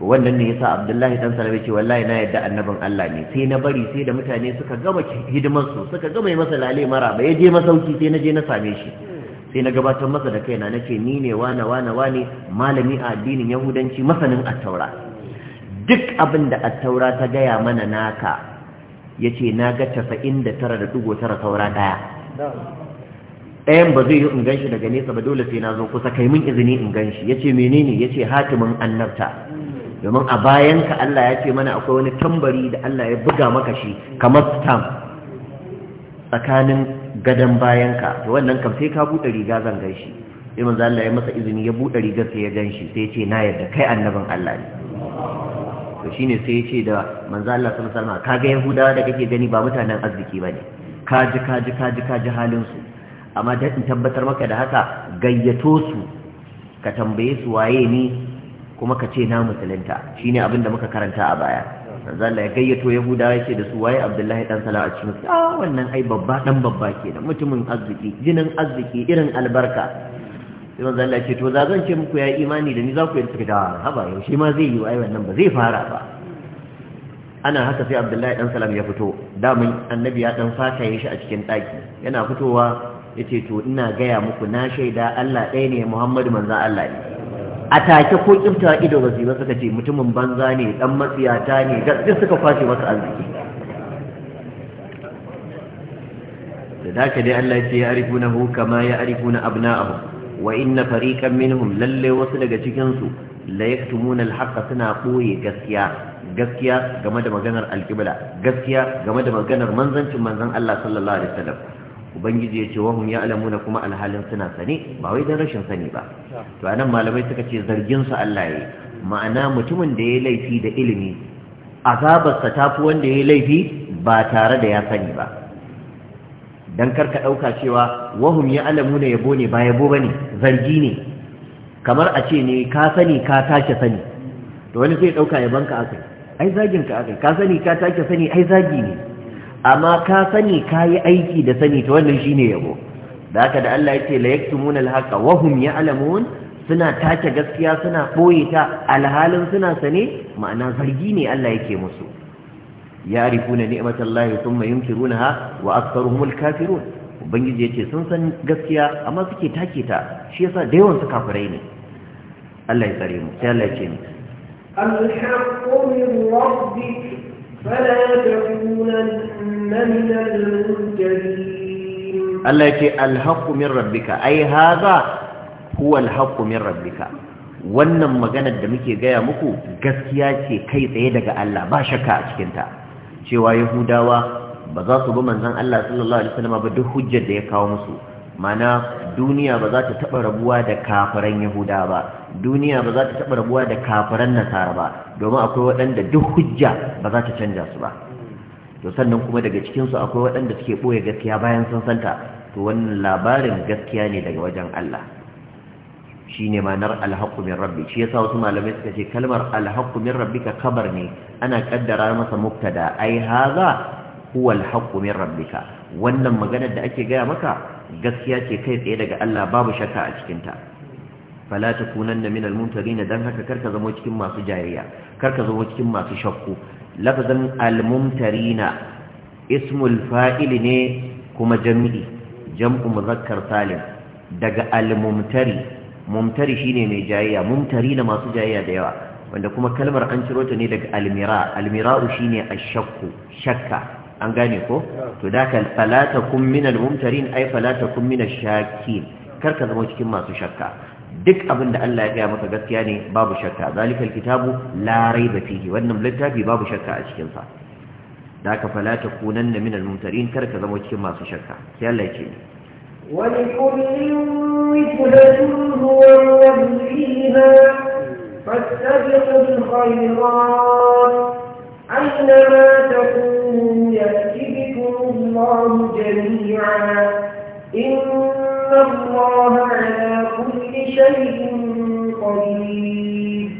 wannan ne yasa Abdullahi dan Salabi ce wallahi na yadda annabin Allah ne sai na bari sai da mutane suka gama hidimar su suka gama masa lale mara ba ya je masauki sai na je na same shi sai na gabatar masa da kaina nace ni ne wane wane wane malami a addinin Yahudanci masanin Attaura. duk abin da at ta gaya mana naka yace na ga 99.9 taura daya ɗayan ba zai yi in ganshi daga nesa ba dole sai na zo kusa kai min izini in ganshi yace menene yace hatimin annabta domin a bayan ka Allah ya ce mana akwai wani tambari da Allah ya buga maka shi kamar stamp tsakanin gadon bayan ka to wannan kam sai ka buɗe riga zan ganshi sai manzo Allah ya masa izini ya buɗe riga sai ya ganshi sai ya ce na yarda kai annabin Allah ne to shine sai ya ce da manzo Allah sallallahu alaihi wasallam kaga yahudawa da kake gani ba mutanen arziki bane ka ji, ka ji halin su amma daɗin tabbatar maka da haka gayyato su ka tambaye su waye ni kuma ka ce na musulunta shine abin da muka karanta a baya zalla ya gayyato yahudawa ya ce da su waye abdullahi dan salam a cikin a ah, wannan ai babba dan babba da mutumin arziki jinin arziki irin albarka sai manzo Allah ce to za zan ce muku ya imani da ni za ku yi suka da ah, haba yaushe ma zai yi ai wannan ba zai fara ba ana haka sai Abdullahi dan Salam ya fito damin annabi ya dan fata ya shi a cikin daki yana fitowa ce to ina gaya muku na shaida Allah ɗaya ne Muhammadu manzon Allah ne a take ko kimta ido ba ba suka ce mutumin banza ne dan matsiyata ne gaskiya suka kwashe masa arziki da dace dai Allah ce ya arifunahu kama ya arifuna abna'ahu wa inna fariqan minhum lalle wasu daga cikin su la yaktumuna al suna koye gaskiya gaskiya game da maganar alƙibla, gaskiya game da maganar manzancin manzon Allah sallallahu alaihi wasallam ubangiji ya ce wahum ya alamuna kuma alhalin suna sani ba wai don rashin sani ba to anan malamai suka ce zargin su Allah ya ma'ana mutumin da ya laifi da ilimi azabarsa ta fi wanda ya laifi ba tare da ya sani ba don karka ɗauka cewa wahum ya alamuna yabo ne ba yabo ba ne zargi ne kamar a ce ne ka sani ka tashi sani to wani zai ɗauka yabanka akai ai zaginka akai ka sani ka tashi sani ai zagi ne amma ka sani ka yi aiki da sani ta wannan shi ne yabo da haka da Allah ya ce la yaktumuna alhaqa wa hum ya'lamun suna tace gaskiya suna boye ta alhalin suna sane ma'ana zargi ne Allah yake musu yarifuna ni'matallahi thumma yunkirunaha wa aktharuhumul kafiru ubangiji yace sun san gaskiya amma suke take ta shi yasa da yawan su kafirai ne Allah ya tsare mu sai Allah ya ce الحق من ربك فلا تكونن من المنكرين الله يكي الحق من ربك wannan maganar da muke gaya muku gaskiya ce kai tsaye daga Allah ba shakka a cikinta cewa yahudawa ba za su bi manzon Allah sallallahu alaihi wasallam ba duk hujjar da ya kawo musu mana duniya ba za ta taɓa rabuwa da kafaran yahudawa ba duniya ba za ta taɓa rabuwa da kafiran nasara ba domin akwai waɗanda duk hujja ba za ta canja su ba to sannan kuma daga cikinsu akwai waɗanda suke ɓoye gaskiya bayan sun santa to wannan labarin gaskiya ne daga wajen Allah shi ne manar alhaƙu min rabbi shi yasa wasu malamai suka ce kalmar alhaƙu min rabbi ka kabar ne ana ƙaddara masa muktada ai haza huwa alhaƙu min rabbika wannan maganar da ake gaya maka gaskiya ce kai tsaye daga Allah babu shakka a cikinta fala takunanna minal mumtarin dan haka karka zama cikin masu jayayya karka zama cikin masu shakku lafazan al-mumtarina ismul fa'il ne kuma jam'i jam'u muzakkar salim daga al-mumtari mumtari shine mai jayayya mumtarina masu jayayya da yawa wanda kuma kalmar an ciro ta ne daga almira, mira al-mira shine ash-shakku shakka an gane ko to da kan falata kun minal mumtarin ai falata kun minash shakin karka zama cikin masu shakka duk abin da Allah ya gaya maka gaskiya ne babu shakka zalikal kitabu la raiba fihi wannan littafi babu shakka a cikin sa da ka fala ta kunan min minal mumtarin kar ka zama cikin masu shakka sai Allah ya ce wa وجهة أينما تكونوا يأتي الله جميعا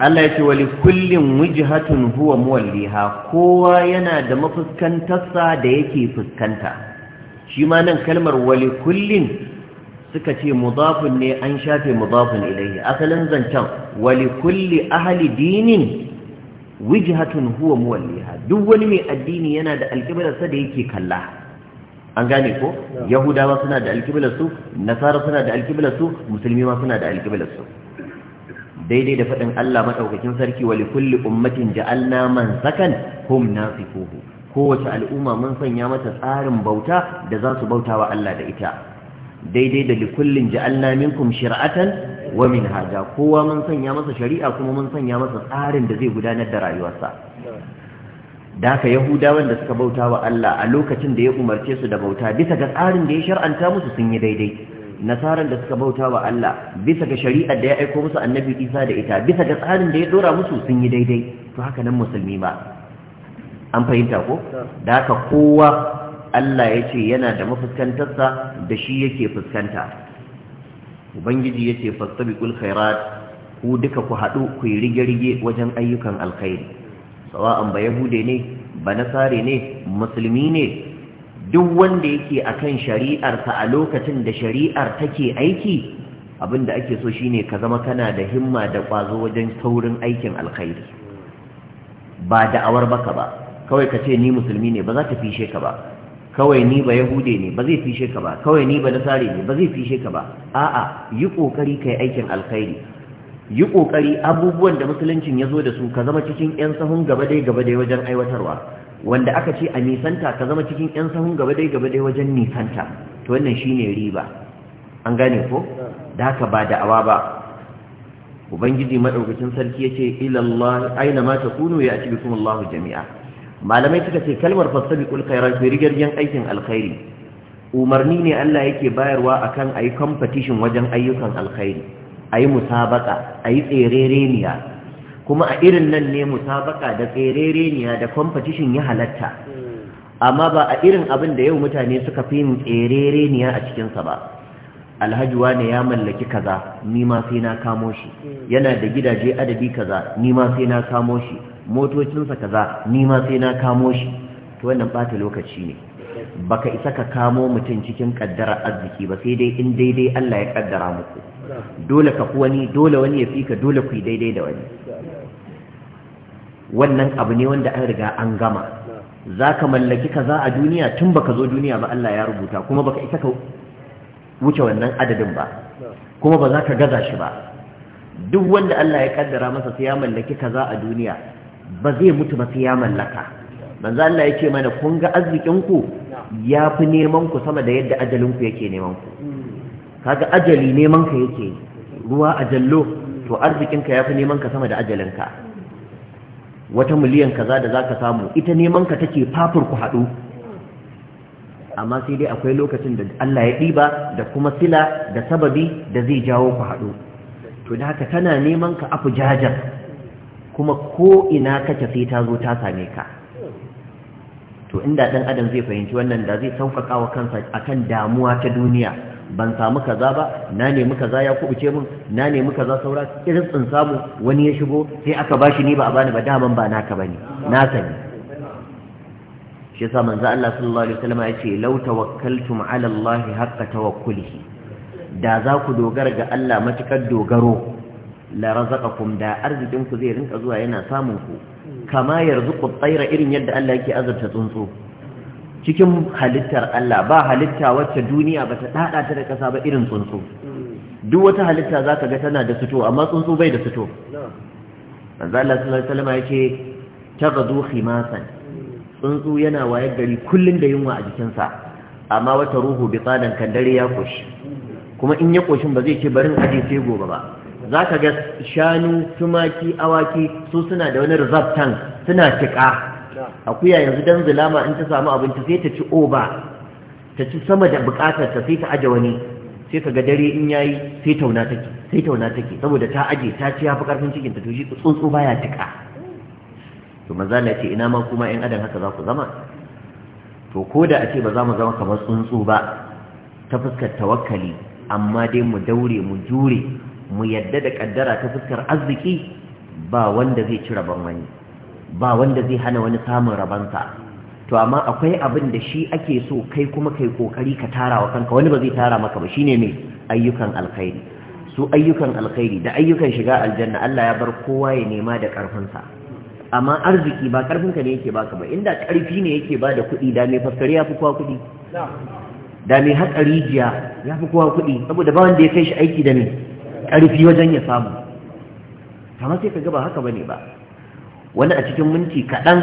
Allah ya ce wali kullum wujihatun huwa muwalliha kowa yana da mafuskantarsa da yake fuskanta shi ma nan kalmar wali kullum suka ce mudafun ne an shafe mudafun ilaihi asalin zancen wali kulli ahli dinin wujihatun huwa muwalliha duk wani mai addini yana da alƙiblarsa da yake kalla an gane ko yahudawa suna da alkiblarsu nasara suna da su, musulmi ma suna da alkiblarsu daidai da faɗin Allah maɗaukakin sarki wa likulli ummatin ja'alna man sakan hum nasifuhu kowace al'umma mun sanya mata tsarin bauta da za su bauta wa Allah da ita daidai da likullin ja'alna minkum shir'atan wa minhaja kowa mun sanya masa shari'a kuma mun sanya masa tsarin da zai gudanar da rayuwarsa da haka yahudawan da suka bauta wa Allah a lokacin da ya umarce su da bauta bisa ga tsarin da ya shar'anta musu sun yi daidai nasaran da suka bauta wa Allah bisa ga shari'ar da ya aiko musu annabi Isa da ita bisa ga tsarin da ya dora musu sun yi daidai to haka nan musulmi ba an fahimta ko da haka kowa Allah ya ce yana da mafuskantarsa da shi yake fuskanta ubangiji ya ce fastabiqul khairat ku duka ku haɗu ku yi rige-rige wajen ayyukan alkhairi sawa'an ba yahude ne ba nasare ne musulmi ne duk wanda yake akan shari'arsa a lokacin da shari'ar take aiki abinda ake so shine ka zama kana da himma da kwazo wajen saurin aikin alkhairi ba da'awar baka ba kawai ka ce ni musulmi ne ba za ta fishe ka ba kawai ni ba yahude ne ba zai fishe ka ba kawai ni ba nasare ne ba zai fishe ka ba a'a yi kokari kai aikin alkhairi yi ƙoƙari abubuwan da musuluncin ya zo da su ka zama cikin 'yan sahun gaba dai gaba dai wajen aiwatarwa wanda aka ce a nisanta ka zama cikin 'yan sahun gaba dai gaba dai wajen nisanta to wannan shine riba an gane ko da haka ba da'awa ba ubangiji madaukakin sarki yace ilallah aina ma kunu ya ati bikum Allahu jami'a malamai suka ce kalmar fasabiqul khairat rigar rigarjen aikin alkhairi umarni ne Allah yake bayarwa akan ayi competition wajen ayyukan alkhairi a yi musabaka a yi tserereniya kuma a irin nan ne musabaka da tserereniya da kwamfatishin ya halatta amma ba a irin abin da yau mutane suka fi yin tserereniya a cikinsa ba alhaji wane ya mallaki kaza ni sai na kamo shi yana da gidaje adabi kaza ni sai na kamo shi motocinsa kaza ni sai na kamo shi to wannan bata lokaci ne baka isa ka kamo mutum cikin kaddara arziki ba sai dai in daidai Allah ya kaddara muku dole ka fi wani dole wani ya fi ka dole ku yi daidai da wani wannan abu ne wanda an riga an gama za ka mallaki ka za a duniya tun baka zo duniya ba Allah ya rubuta kuma baka isa ka wuce wannan adadin ba kuma ba za ka gaza shi ba duk wanda Allah ya kaddara masa sai ya mallaki ka za a duniya ba zai mutu ba sai ya mallaka manzo Allah yake mana kun ga arzikinku ya fi neman sama da yadda ajalinku ku yake nemanku? ku kaga ajali neman ka yake ruwa a ajallo to arzikin ka fi neman ka sama da ajalin ka wata miliyan kaza da ka samu ita nemanka ka take fafur ku hadu amma sai dai akwai lokacin da Allah ya ɗiba da kuma sila da sababi da zai jawo ku haɗu. to da haka tana neman ka afu kuma ko ina kake sai ta zo ta same ka to inda dan adam zai fahimci wannan da zai saukaka wa kansa akan damuwa ta duniya ban samu kaza ba na nemi kaza ya kubuce min na nemi kaza saura irin tsin samu wani ya shigo sai aka bashi ni ba a bani ba daman ba naka bane na sani shi yasa manzo Allah sallallahu alaihi wasallam ya ce law tawakkaltum ala Allah haqqa tawakkulihi da za ku dogara ga Allah matukar dogaro la razaqakum da arzikin ku zai rinka zuwa yana samun ku kama yarzuqu tsaira irin yadda Allah yake azurta tsuntsu cikin halittar Allah ba halitta wacce duniya bata dada ta da kasa ba irin tsuntsu duk wata halitta zaka ga tana da fito amma tsuntsu bai da fito manzo Allah sallallahu alaihi wasallam yake taghdu khimasan tsuntsu yana wayar gari kullun da yunwa a jikinsa amma wata ruhu bi tsadan kan dare ya koshi kuma in ya koshin ba zai ce barin aje sai gobe ba za ka ga shanu tumaki awaki su suna da wani rizabtan tank suna cika. akuya yanzu dan zulama in ta samu abinci sai ta ci oba ta ci sama da bukatar ta sai ta aje wani sai ka ga dare in yayi sai tauna take sai tauna take saboda ta aje ta ci yafi karfin cikin ta to shi tsuntsu baya tiƙa to maza na ce ina ma kuma 'yan adam haka za ku zama to ko da a ce ba za mu zama kamar tsuntsu ba ta fuskar tawakkali amma dai mu daure mu jure mu yadda da kaddara ta fuskar arziki ba wanda zai ci rabon wani ba wanda zai hana wani samun rabonsa. to amma akwai abin da shi ake so kai kuma kai kokari ka tara wa kanka wani ba zai tara maka ba shine mai ayyukan alkhairi su ayyukan alkhairi da ayyukan shiga aljanna Allah ya bar kowa ya nema da karfinsa amma arziki ba karfinka ne yake baka ba inda karfi ne yake ba da kuɗi da mai faskare ya fi kowa kuɗi da mai hatsari jiya ya fi kowa kuɗi saboda ba wanda ya kai shi aiki da ne ƙarfi wajen ya samu kama sai ka gaba haka bane ba wani a cikin minti kaɗan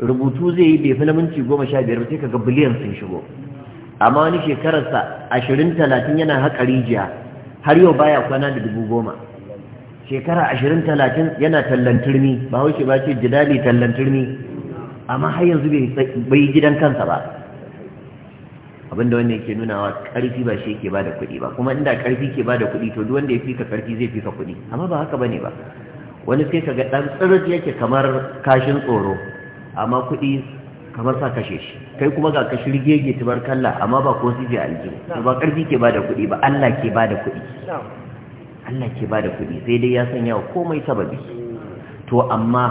rubutu zai yi bai na minti goma sha biyar sai ka ga biliyan sun shigo amma wani shekararsa ashirin talatin yana haƙa rijiya har yau baya kwana da dubu goma shekara ashirin talatin yana tallan turmi ba haushe ba ce jidali tallan turmi amma har yanzu bai yi gidan kansa ba abinda wannan yake nunawa karfi ba shi yake bada kuɗi ba kuma inda karfi ke bada kuɗi to duk wanda ya fika karfi zai fika kuɗi amma ba haka bane ba wani sai kaga dan tsirit yake kamar kashin tsoro amma kuɗi kamar sa kashe shi kai kuma ga kashi rigege tubar kalla amma ba ko sije aljihu to ba karfi ke bada kuɗi ba Allah ke bada kuɗi Allah ke bada kuɗi sai dai ya sanya wa komai sababi to amma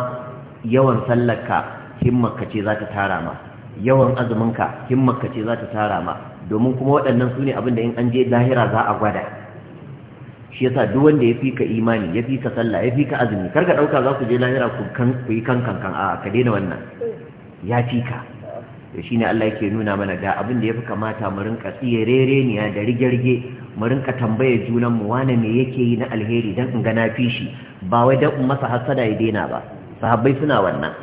yawan sallaka ka ce za ta tara ma yawan azuminka himmarka ce za ta tara ma domin kuma waɗannan su ne abinda in an je lahira za a gwada shi yasa duk wanda ya fi ka imani ya fi ka sallah ya fi ka azumi kar ka ɗauka za ku je lahira ku yi kan kan kan a ka daina wannan ya fi ka da shi ne Allah yake nuna mana ga abin da ya fi kamata mu rinka tsiyerere ne da rige-rige mu rinka tambayar junan mu wane me yake yi na alheri dan in ga na fi shi ba wai dan in masa hasada ya daina ba sahabbai suna wannan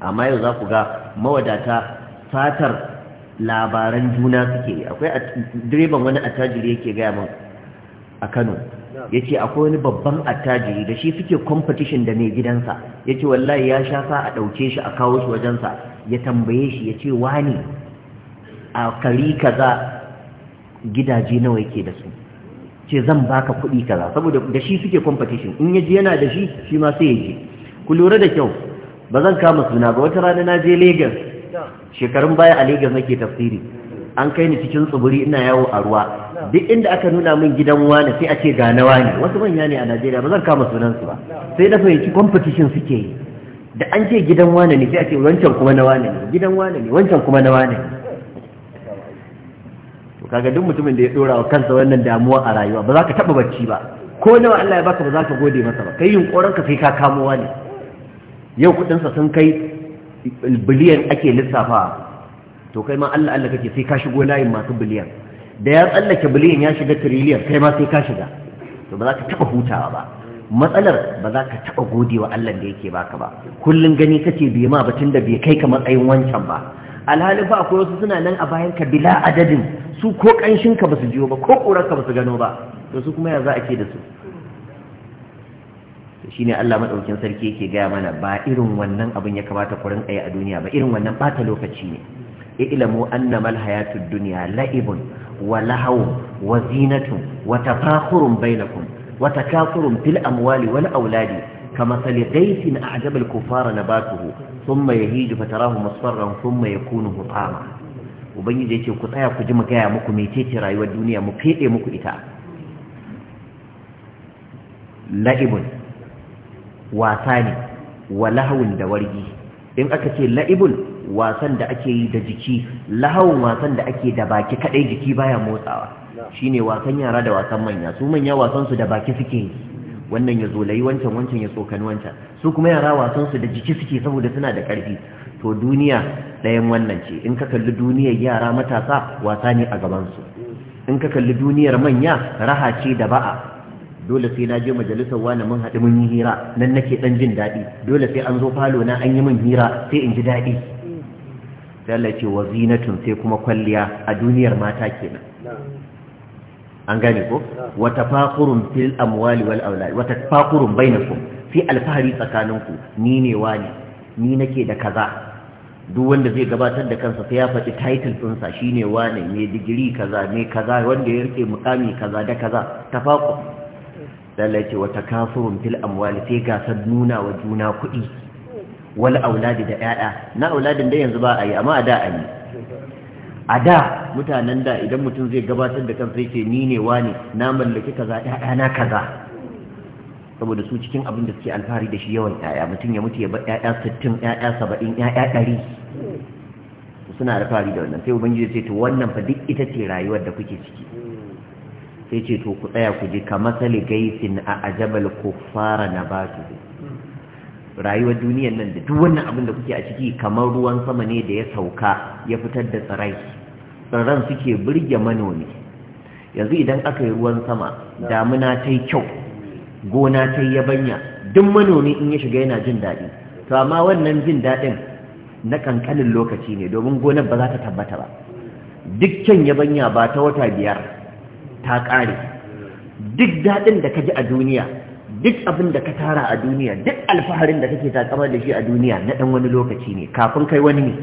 amma yau za ku ga mawadata fatar labaran juna suke akwai direban wani attajiri yake gaya min a Kano Ya ce akwai wani babban attajiri da shi suke competition da mai gidansa Ya ce wallahi ya sha sa a ɗauke shi a kawo shi wajensa ya tambaye shi ya ce wani a kari kaza gidaje nawa yake da su ce zan baka kuɗi kaza saboda da shi suke competition in yaji yana da shi shi ma sai yaji ku lura da kyau ba zan kama suna ba wata rana na je Legas shekarun baya a Legas nake tafsiri an kai ni cikin tsibiri ina yawo a ruwa duk inda aka nuna min gidan wani sai a ce ga na wani wasu manya ne a Najeriya ba zan kama sunan su ba sai na fahimci competition suke yi da an ce gidan wani ne sai a ce wancan kuma na wani ne gidan wani ne wancan kuma na wani ne kaga duk mutumin da ya dora wa kansa wannan damuwa a rayuwa ba za ka taba bacci ba ko nawa Allah ya baka ba za ka gode masa ba kai yunkurin ka sai ka kamo wani yau kudinsa sun kai biliyan ake lissafa to kai ma Allah Allah kake sai ka shigo layin masu biliyan da ya tsallake biliyan ya shiga tiriliyan kai ma sai ka shiga to ba za ka taba hutawa ba matsalar ba za ka taba godewa Allah da yake baka ba kullun gani kake bai ma batun da bai kai ka matsayin wancan ba alhalin fa akwai wasu suna nan a bayan ka bila adadin su ko kanshin ka basu jiyo ba ko korar ka basu gano ba to su kuma ya za a ke da su to shine Allah maɗaukin sarki yake gaya mana ba irin wannan abin ya kamata ku rinka yi a duniya ba irin wannan bata lokaci ne ilamu annamal hayatud duniya, la'ibun wa lahawu, wa zinatun wa tafakhurun bainakum wa takathurun fil amwali wal auladi kama sali ghaythin a'jaba al kufara nabatuhu thumma yahiju fatarahu musfarran thumma yakunu hutama ubangiji ce ku tsaya ku ji mu gaya muku mecece rayuwar duniya mu keɗe muku ita la'ibun wasa ne wa lahawin da wargi in aka ce la'ibun wasan da ake yi da jiki lahawun wasan da ake da baki kadai jiki baya motsawa shine wasan yara da wasan manya su manya wasan da baki suke yi wannan ya zolayi wancan wancan ya tsokani wancan su kuma yara wasan da jiki suke saboda suna da karfi to duniya ɗayan wannan ce in ka kalli duniyar yara matasa wasa ne a gabansu in ka kalli duniyar manya raha ce da ba'a dole sai na je majalisar wani mun haɗu mun yi hira nan nake ɗan jin daɗi dole sai an zo falo na an yi min hira sai in ji daɗi sai Allah ce wa zinatun sai kuma kwalliya a duniyar mata kenan an gane ko wa tafaqurun fil amwali wal aulad wa tafaqurun bainakum fi alfahari tsakaninku ni ne wani ni nake da kaza duk wanda zai gabatar da kansa sai ya faɗi title ɗinsa shine wane ne digiri kaza ne kaza wanda ya rike mukami kaza da kaza tafaku Allah yake wata kafurun fil amwali sai gasar nuna wa juna kuɗi wal auladi da ƴaƴa na auladin dai yanzu ba a yi amma a da a yi a da mutanen da idan mutum zai gabatar da kansa yake ni ne wani na mallaki kaza ƴaƴa na kaza saboda su cikin abin da suke alfahari da shi yawan ƴaƴa mutum ya mutu ya bar ƴaƴa sittin ƴaƴa saba'in ƴaƴa ɗari suna alfahari da wannan sai ubangiji ya ce to wannan fa duk ita ce rayuwar da kuke ciki sai ce to ku tsaya ku ji kamar sali gaisin a ajabal fara na ba su rayuwar duniyar nan da duk wannan abin da kuke a ciki kamar ruwan sama ne da ya sauka ya fitar da tsirai tsirran suke burge manomi yanzu idan aka yi ruwan sama damuna ta yi kyau gona ta yi yabanya duk manomi in ya shiga yana jin daɗi to amma wannan jin daɗin na kankanin lokaci ne domin gonar ba za ta tabbata ba dukkan yabanya ba ta wata biyar ta ƙare duk daɗin da ka ji a duniya duk abin da ka tara a duniya duk alfaharin da kake takama da shi a duniya na ɗan wani lokaci ne kafin kai wani ne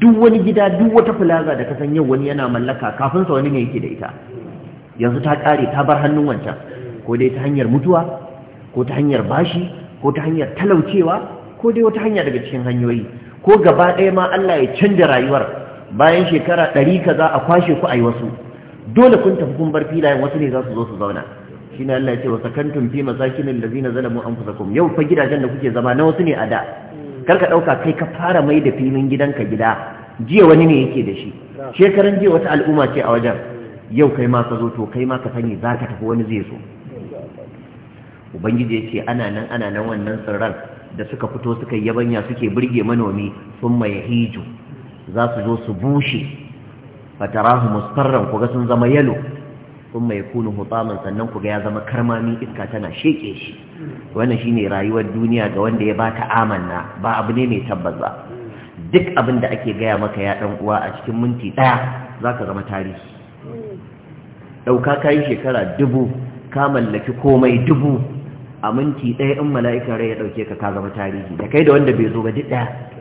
duk wani gida duk wata fulaza da ka san yau wani yana mallaka kafin sa wani ne yake da ita yanzu ta ƙare ta bar hannun wancan ko dai ta hanyar mutuwa ko ta hanyar bashi ko ta hanyar talaucewa ko dai wata hanya daga cikin hanyoyi ko gaba ɗaya ma Allah ya canja rayuwar bayan shekara ɗari kaza a kwashe ku a yi wasu dole kun tafi kun bar filayen wasu ne za su zo su zauna shi ne Allah ya ce wa sakantum fi masakinin lazina zalamu anfusakum yau fa gidajen da kuke zama na wasu ne a da kar ka dauka kai ka fara mai da filin gidanka gida jiya wani ne yake da shi shekaran jiya wata al'umma ce a wajen yau kai ma ka zo to kai ma ka sani za ka tafi wani zai zo ubangiji ya ce ana nan ana nan wannan tsirran da suka fito suka yabanya suke burge manomi sun mai hiju za su zo su bushe fatarahu musfarran kuga sun zama yalo kun mai kunu hutaman sannan kuga ya zama karmami iska tana sheke shi wannan shine rayuwar duniya ga wanda ya baka amanna ba abu ne mai tabbaza duk abin da ake gaya maka ya dan uwa a cikin minti daya zaka zama tarihi dauka kai shekara dubu ka mallaki komai dubu a minti daya in mala'ika rai ya dauke ka ka zama tarihi da kai da wanda bai zo ba duk daya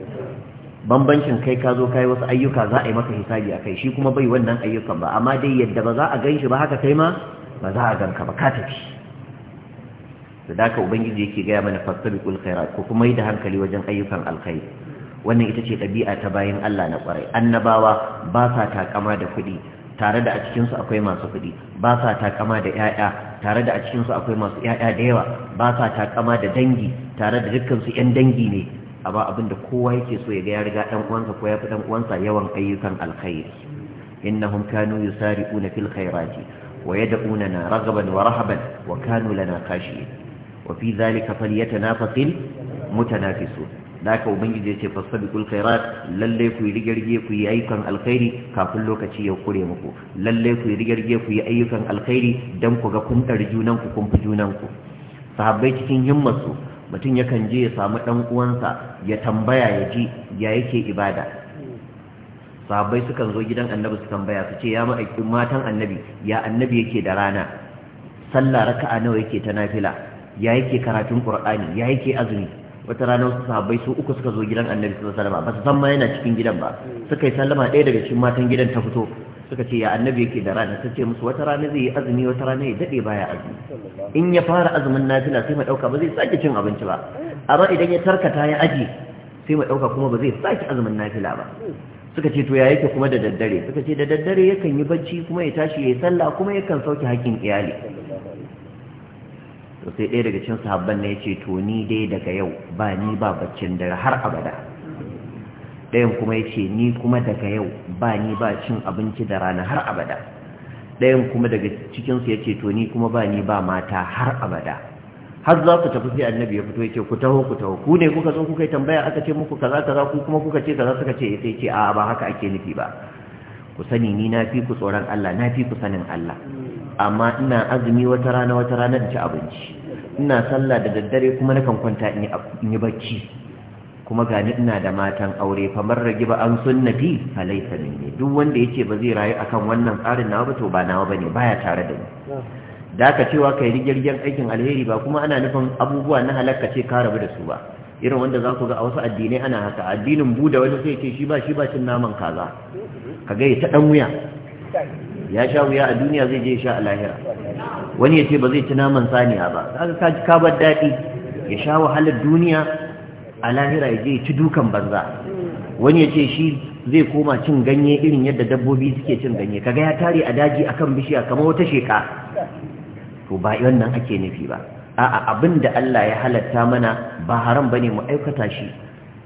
bambancin kai ka zo kai wasu ayyuka za a yi maka hisabi a kai shi kuma bai wannan ayyukan ba amma dai yadda ba za a gan shi ba haka kai ma ba za a ganka ba ka tafi da daka ubangiji yake gaya mana fastabiqul khairat ko kuma yi da hankali wajen ayyukan alkhairi wannan ita ce ɗabi'a ta bayan Allah na ƙwarai annabawa ba sa takama da kuɗi tare da a cikinsu akwai masu kuɗi ba sa takama da 'ya'ya tare da a cikinsu akwai masu 'ya'ya da yawa ba sa takama da dangi tare da dukkansu 'yan dangi ne ba abinda kowa yake so ya ga ya riga ɗan uwansa ko ya fi ɗan uwansa yawan ayyukan alkhairi innahum kanu yusari'una fil khairati wa na? raghaban wa rahaban wa kanu lana khashiyin wa fi dhalika falyatanafasil mutanafisun daka ubangiji yace fasabiqul khairat lalle ku rigirge ku yi ayyukan alkhairi kafin lokaci ya kure muku lalle ku rigirge ku yi ayyukan alkhairi dan ku ga kun junanku ku kun fi junan ku sahabbai cikin su mutum yakan je ya samu ɗan uwansa ya tambaya ya ji ya yake ibada sahabbai sukan zo gidan annabi su tambaya su ce ya ma'aikin matan annabi ya annabi yake da rana sallah raka'a nawa yake ta nafila ya yake karatun qur'ani ya yake azumi wata rana wasu sahabbai su uku suka zo gidan annabi sallallahu alaihi wasallam ba su san ma yana cikin gidan ba suka yi sallama ɗaya daga cikin matan gidan ta fito suka ce ya annabi yake da rana sai ce musu wata rana zai yi azumi wata rana ya dade baya azumi in ya fara azumin nafila sai mu dauka ba zai sake cin abinci ba amma idan ya tarkata ya aji sai mu dauka kuma ba zai sake azumin nafila ba suka ce to ya yake kuma da daddare suka ce da daddare yakan yi bacci kuma ya tashi ya yi sallah kuma yakan sauke hakkin iyali to sai ɗaya daga cikin sahabban ne ya ce to ni dai daga yau ba ni ba baccin dare har abada ɗayan kuma ya ce ni kuma daga yau ba ni ba cin abinci da rana har abada ɗayan kuma daga cikinsu ya ce to ni kuma ba ni ba mata har abada har za ku tafi sai annabi ya fito ya ce ku taho ku taho ku ne kuka zo kuka yi tambaya aka ce muku kaza kaza ku kuma kuka ce kaza suka ce ya sai ce a ba haka ake nufi ba ku sani ni na fi ku tsoron Allah na fi ku sanin Allah amma ina azumi wata rana wata rana in ci abinci ina sallah da daddare kuma nakan kwanta in yi bacci kuma gani ina da matan aure famar ragi ba an sunnati falaisa minni duk wanda yace ba zai rayu akan wannan tsarin nawa ba to ba nawa bane baya tare da ni da aka cewa kai rigirgen aikin alheri ba kuma ana nufin abubuwa na halakka ce ka rabu da su ba irin wanda za ku ga a wasu addinai ana haka addinin buda wani sai ce shi ba shi ba cin naman kaza ka ga ya ta dan wuya ya sha wuya a duniya zai je sha a lahira wani ya ce ba zai ci naman saniya ba kaga ka bar daɗi ya sha wahalar duniya a lahira ya je ci dukan banza wani ya ce shi zai koma cin ganye irin yadda dabbobi suke cin ganye kaga ya tare a daji akan bishiya kamar wata sheka to ba wannan ake nufi ba a'a abin da Allah ya halatta mana ba haram bane mu aikata shi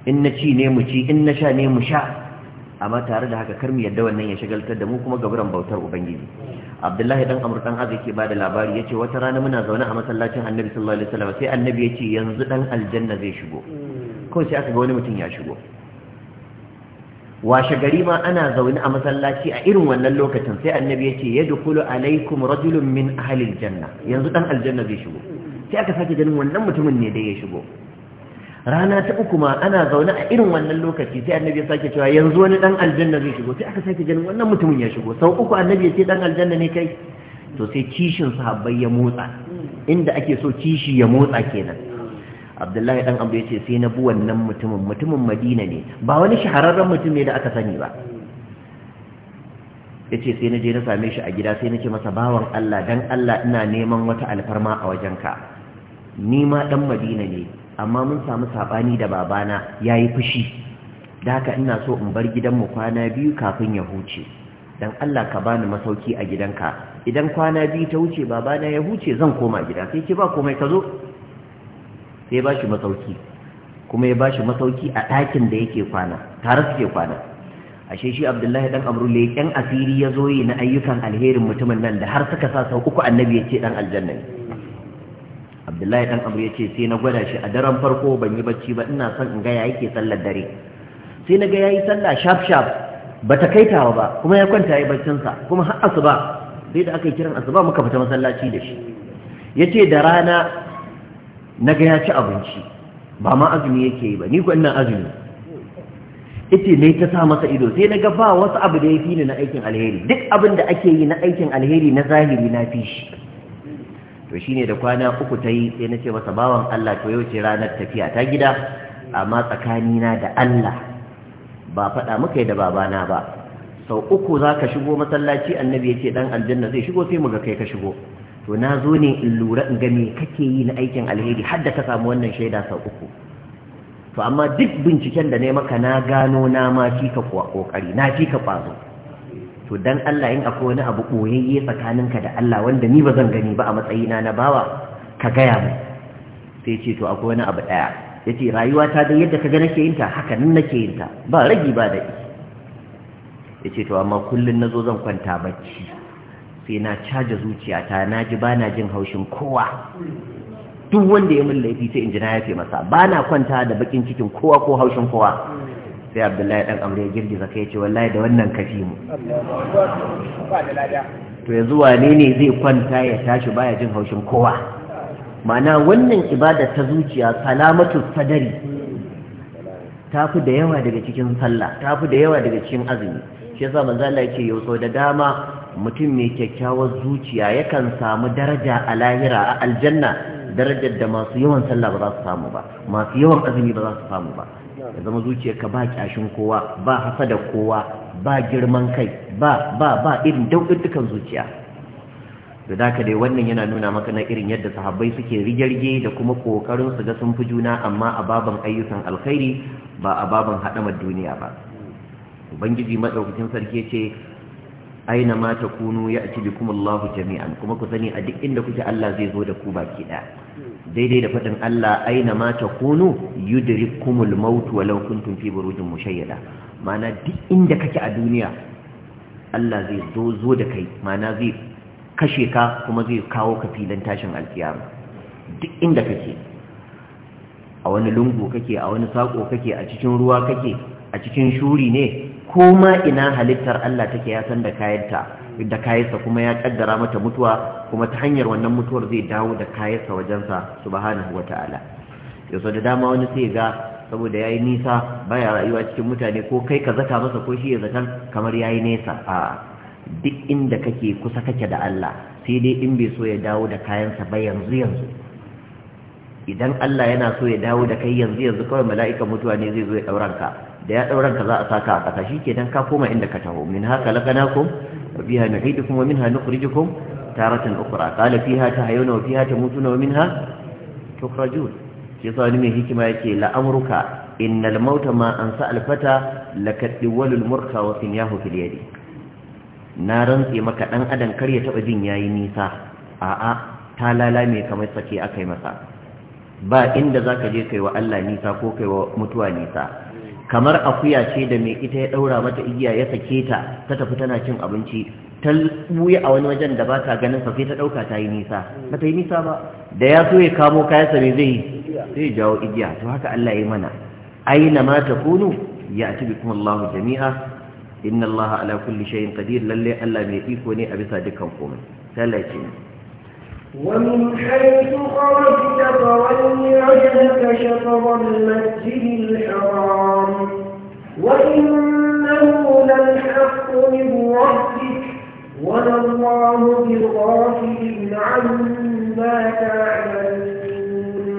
in na ci ne mu ci in na sha ne mu sha amma tare da haka kar mu yadda wannan ya shagaltar da mu kuma gaburan bautar ubangiji abdullahi dan amr dan azai ke bada labari yace wata rana muna zaune a masallacin annabi sallallahu alaihi wasallam sai annabi yace yanzu dan aljanna zai shigo kawai sai aka ga wani mutum ya shigo washe gari ma ana zaune a masallaci a irin wannan lokacin sai annabi ya ce yadkhulu alaikum rajulun min ahli janna. yanzu dan aljanna zai shigo sai aka sake ganin wannan mutumin ne da ya shigo rana ta uku ma ana zaune a irin wannan lokaci sai annabi ya sake cewa yanzu wani dan aljanna zai shigo sai aka sake ganin wannan mutumin ya shigo sau uku annabi ya ce dan aljanna ne kai to sai kishin sahabbai ya motsa inda ake so kishi ya motsa kenan abdullahi dan abu yace sai na buwan wannan mutumin mutumin madina ne ba wani shahararren mutum ne da aka sani ba yace sai na je na same shi a gida sai na ce masa bawan Allah dan Allah ina neman wata alfarma a wajenka ni ma dan madina ne amma mun samu saɓani da babana yayi fushi da haka ina so in bar gidanmu kwana biyu kafin ya huce dan Allah ka bani masauki a gidanka idan kwana biyu ta wuce babana ya huce zan koma gida sai ki ba komai ka zo sai ba shi masauki kuma ya ba shi masauki a ɗakin da yake kwana tare suke kwana ashe shi abdullahi dan amru leƙen asiri ya zo yi na ayyukan alherin mutumin nan da har suka sa sau uku annabi ya ce ɗan aljanna ne abdullahi dan amru ya ce sai na gwada shi a daren farko ban yi bacci ba ina son in ga ya yake sallar dare sai na ga ya yi sallah shaf shaf ba ta kai tawa ba kuma ya kwanta ya baccinsa kuma har asuba sai da aka yi kiran asuba muka fita masallaci da shi ya ce da rana na ga ya ci abinci ba ma azumi yake yi ba ni kuwa ina azumi ita ne ta sa masa ido sai na ga ba wasu abu da ya fi ni na aikin alheri duk abin da ake yi na aikin alheri na zahiri na fi shi to shine da kwana uku ta yi sai na ce masa bawan Allah to yau ce ranar tafiya ta gida amma tsakanina da Allah ba faɗa muka yi da babana ba sau uku za ka shigo masallaci annabi ya ce ɗan aljanna zai shigo sai mu ga kai ka shigo to na zo ne in lura in ga me kake yi na aikin alheri har da ka samu wannan shaida sau uku to amma duk binciken da ne maka na gano na ma fi ka kokari na fi ka kwazo to dan Allah in akwai wani abu koyayye tsakaninka da Allah wanda ni ba zan gani ba a matsayina na bawa ka gaya mu sai ce to akwai wani abu daya yace rayuwa ta dai yadda ka ga nake yin ta haka nan nake yin ta ba ragi ba da yace to amma kullun nazo zan kwanta bacci sai na caja zuciyata na ji ba na jin haushin kowa duk wanda ya min laifi sai ya ya fi masa ba na kwanta da bakin cikin kowa ko haushin kowa sai abdullahi dan amre ya girgiza kai ya ce wallahi da wannan kafi mu to ya zuwa ne ne zai kwanta ya tashi baya jin haushin kowa ma'ana wannan ibada ta zuciya salamatu sadari tafi da yawa daga cikin sallah tafi da yawa daga cikin azumi shi yasa manzo Allah yake yau da dama mutum mai kyakkyawar zuciya yakan samu daraja a lahira a aljanna darajar da masu yawan sallah ba za su samu ba masu yawan azumi ba za su samu ba ya zama ka ba kyashin kowa ba hasada kowa ba girman kai ba ba ba irin dauɗin zuciya da da dai wannan yana nuna maka na irin yadda sahabbai suke rige-rige da kuma kokarin su ga sun fi juna amma a baban ayyukan alkhairi ba a baban haɗamar duniya ba ubangiji madaukakin sarki ce aina ma takunu bi bikum Allah jami'an kuma ku sani a duk inda kuke Allah zai zo da ku baki daya daidai da fadin Allah aina ma kunu yudrikumul maut walau kuntum fi burujin mushayyada ma'ana duk inda kake a duniya Allah zai zo zo da kai ma'ana zai kashe ka kuma zai kawo ka filan tashin alkiyama duk inda kake a wani lungu kake a wani sako kake a cikin ruwa kake a cikin shuri ne ko ma ina halittar Allah take ya san da kayanta da kayansa kuma ya kaddara mata mutuwa kuma ta hanyar wannan mutuwar zai dawo da kayansa wajensa subhanahu wata'ala yau da dama wani sai ga saboda yayi nisa baya rayuwa cikin mutane ko kai ka zaka masa ko shi ya zakan kamar yayi nesa a duk inda kake kusa kake da Allah sai dai in bai so ya dawo da kayansa ba yanzu yanzu idan Allah yana so ya dawo da kai yanzu yanzu kawai mala'ikan mutuwa ne zai zo ya dauranka da ya ɗauran ka za a saka a ƙasa shi kenan ka koma inda ka taho min haka laqanakum wa biha nu'idukum wa minha nukhrijukum taratan ukhra qala fiha tahyawna wa fiha tamutuna wa minha tukhrajun Ke sa wani mai hikima yake la amruka innal mauta ma ansa alfata lakaddiwalul murka wa sinyahu fil yadi na rantse maka ɗan adam kar ya taba jin yayi nisa a'a ta lalame kamar sake aka yi masa ba inda za ka je kai wa Allah nisa ko kai wa mutuwa nisa kamar akuya ce da mai ita ya ɗaura mata igiya ya sake ta ta tafi tana cin abinci ta buya a wani wajen da ba ta ganin sa sai ta ɗauka ta yi nisa ba ta yi nisa ba da ya so ya kamo kayan sa zai zai jawo igiya to haka Allah ya mana aina ma Ya ya'ti bikum Allah jami'a inna Allah ala kulli shay'in qadir lalle Allah mai iko ne a bisa dukkan komai sai Allah ya ومن حيث خرجت فول وجهك شطر المسجد الحرام وإنه للحق من ربك وما الله بغافل عما تعملون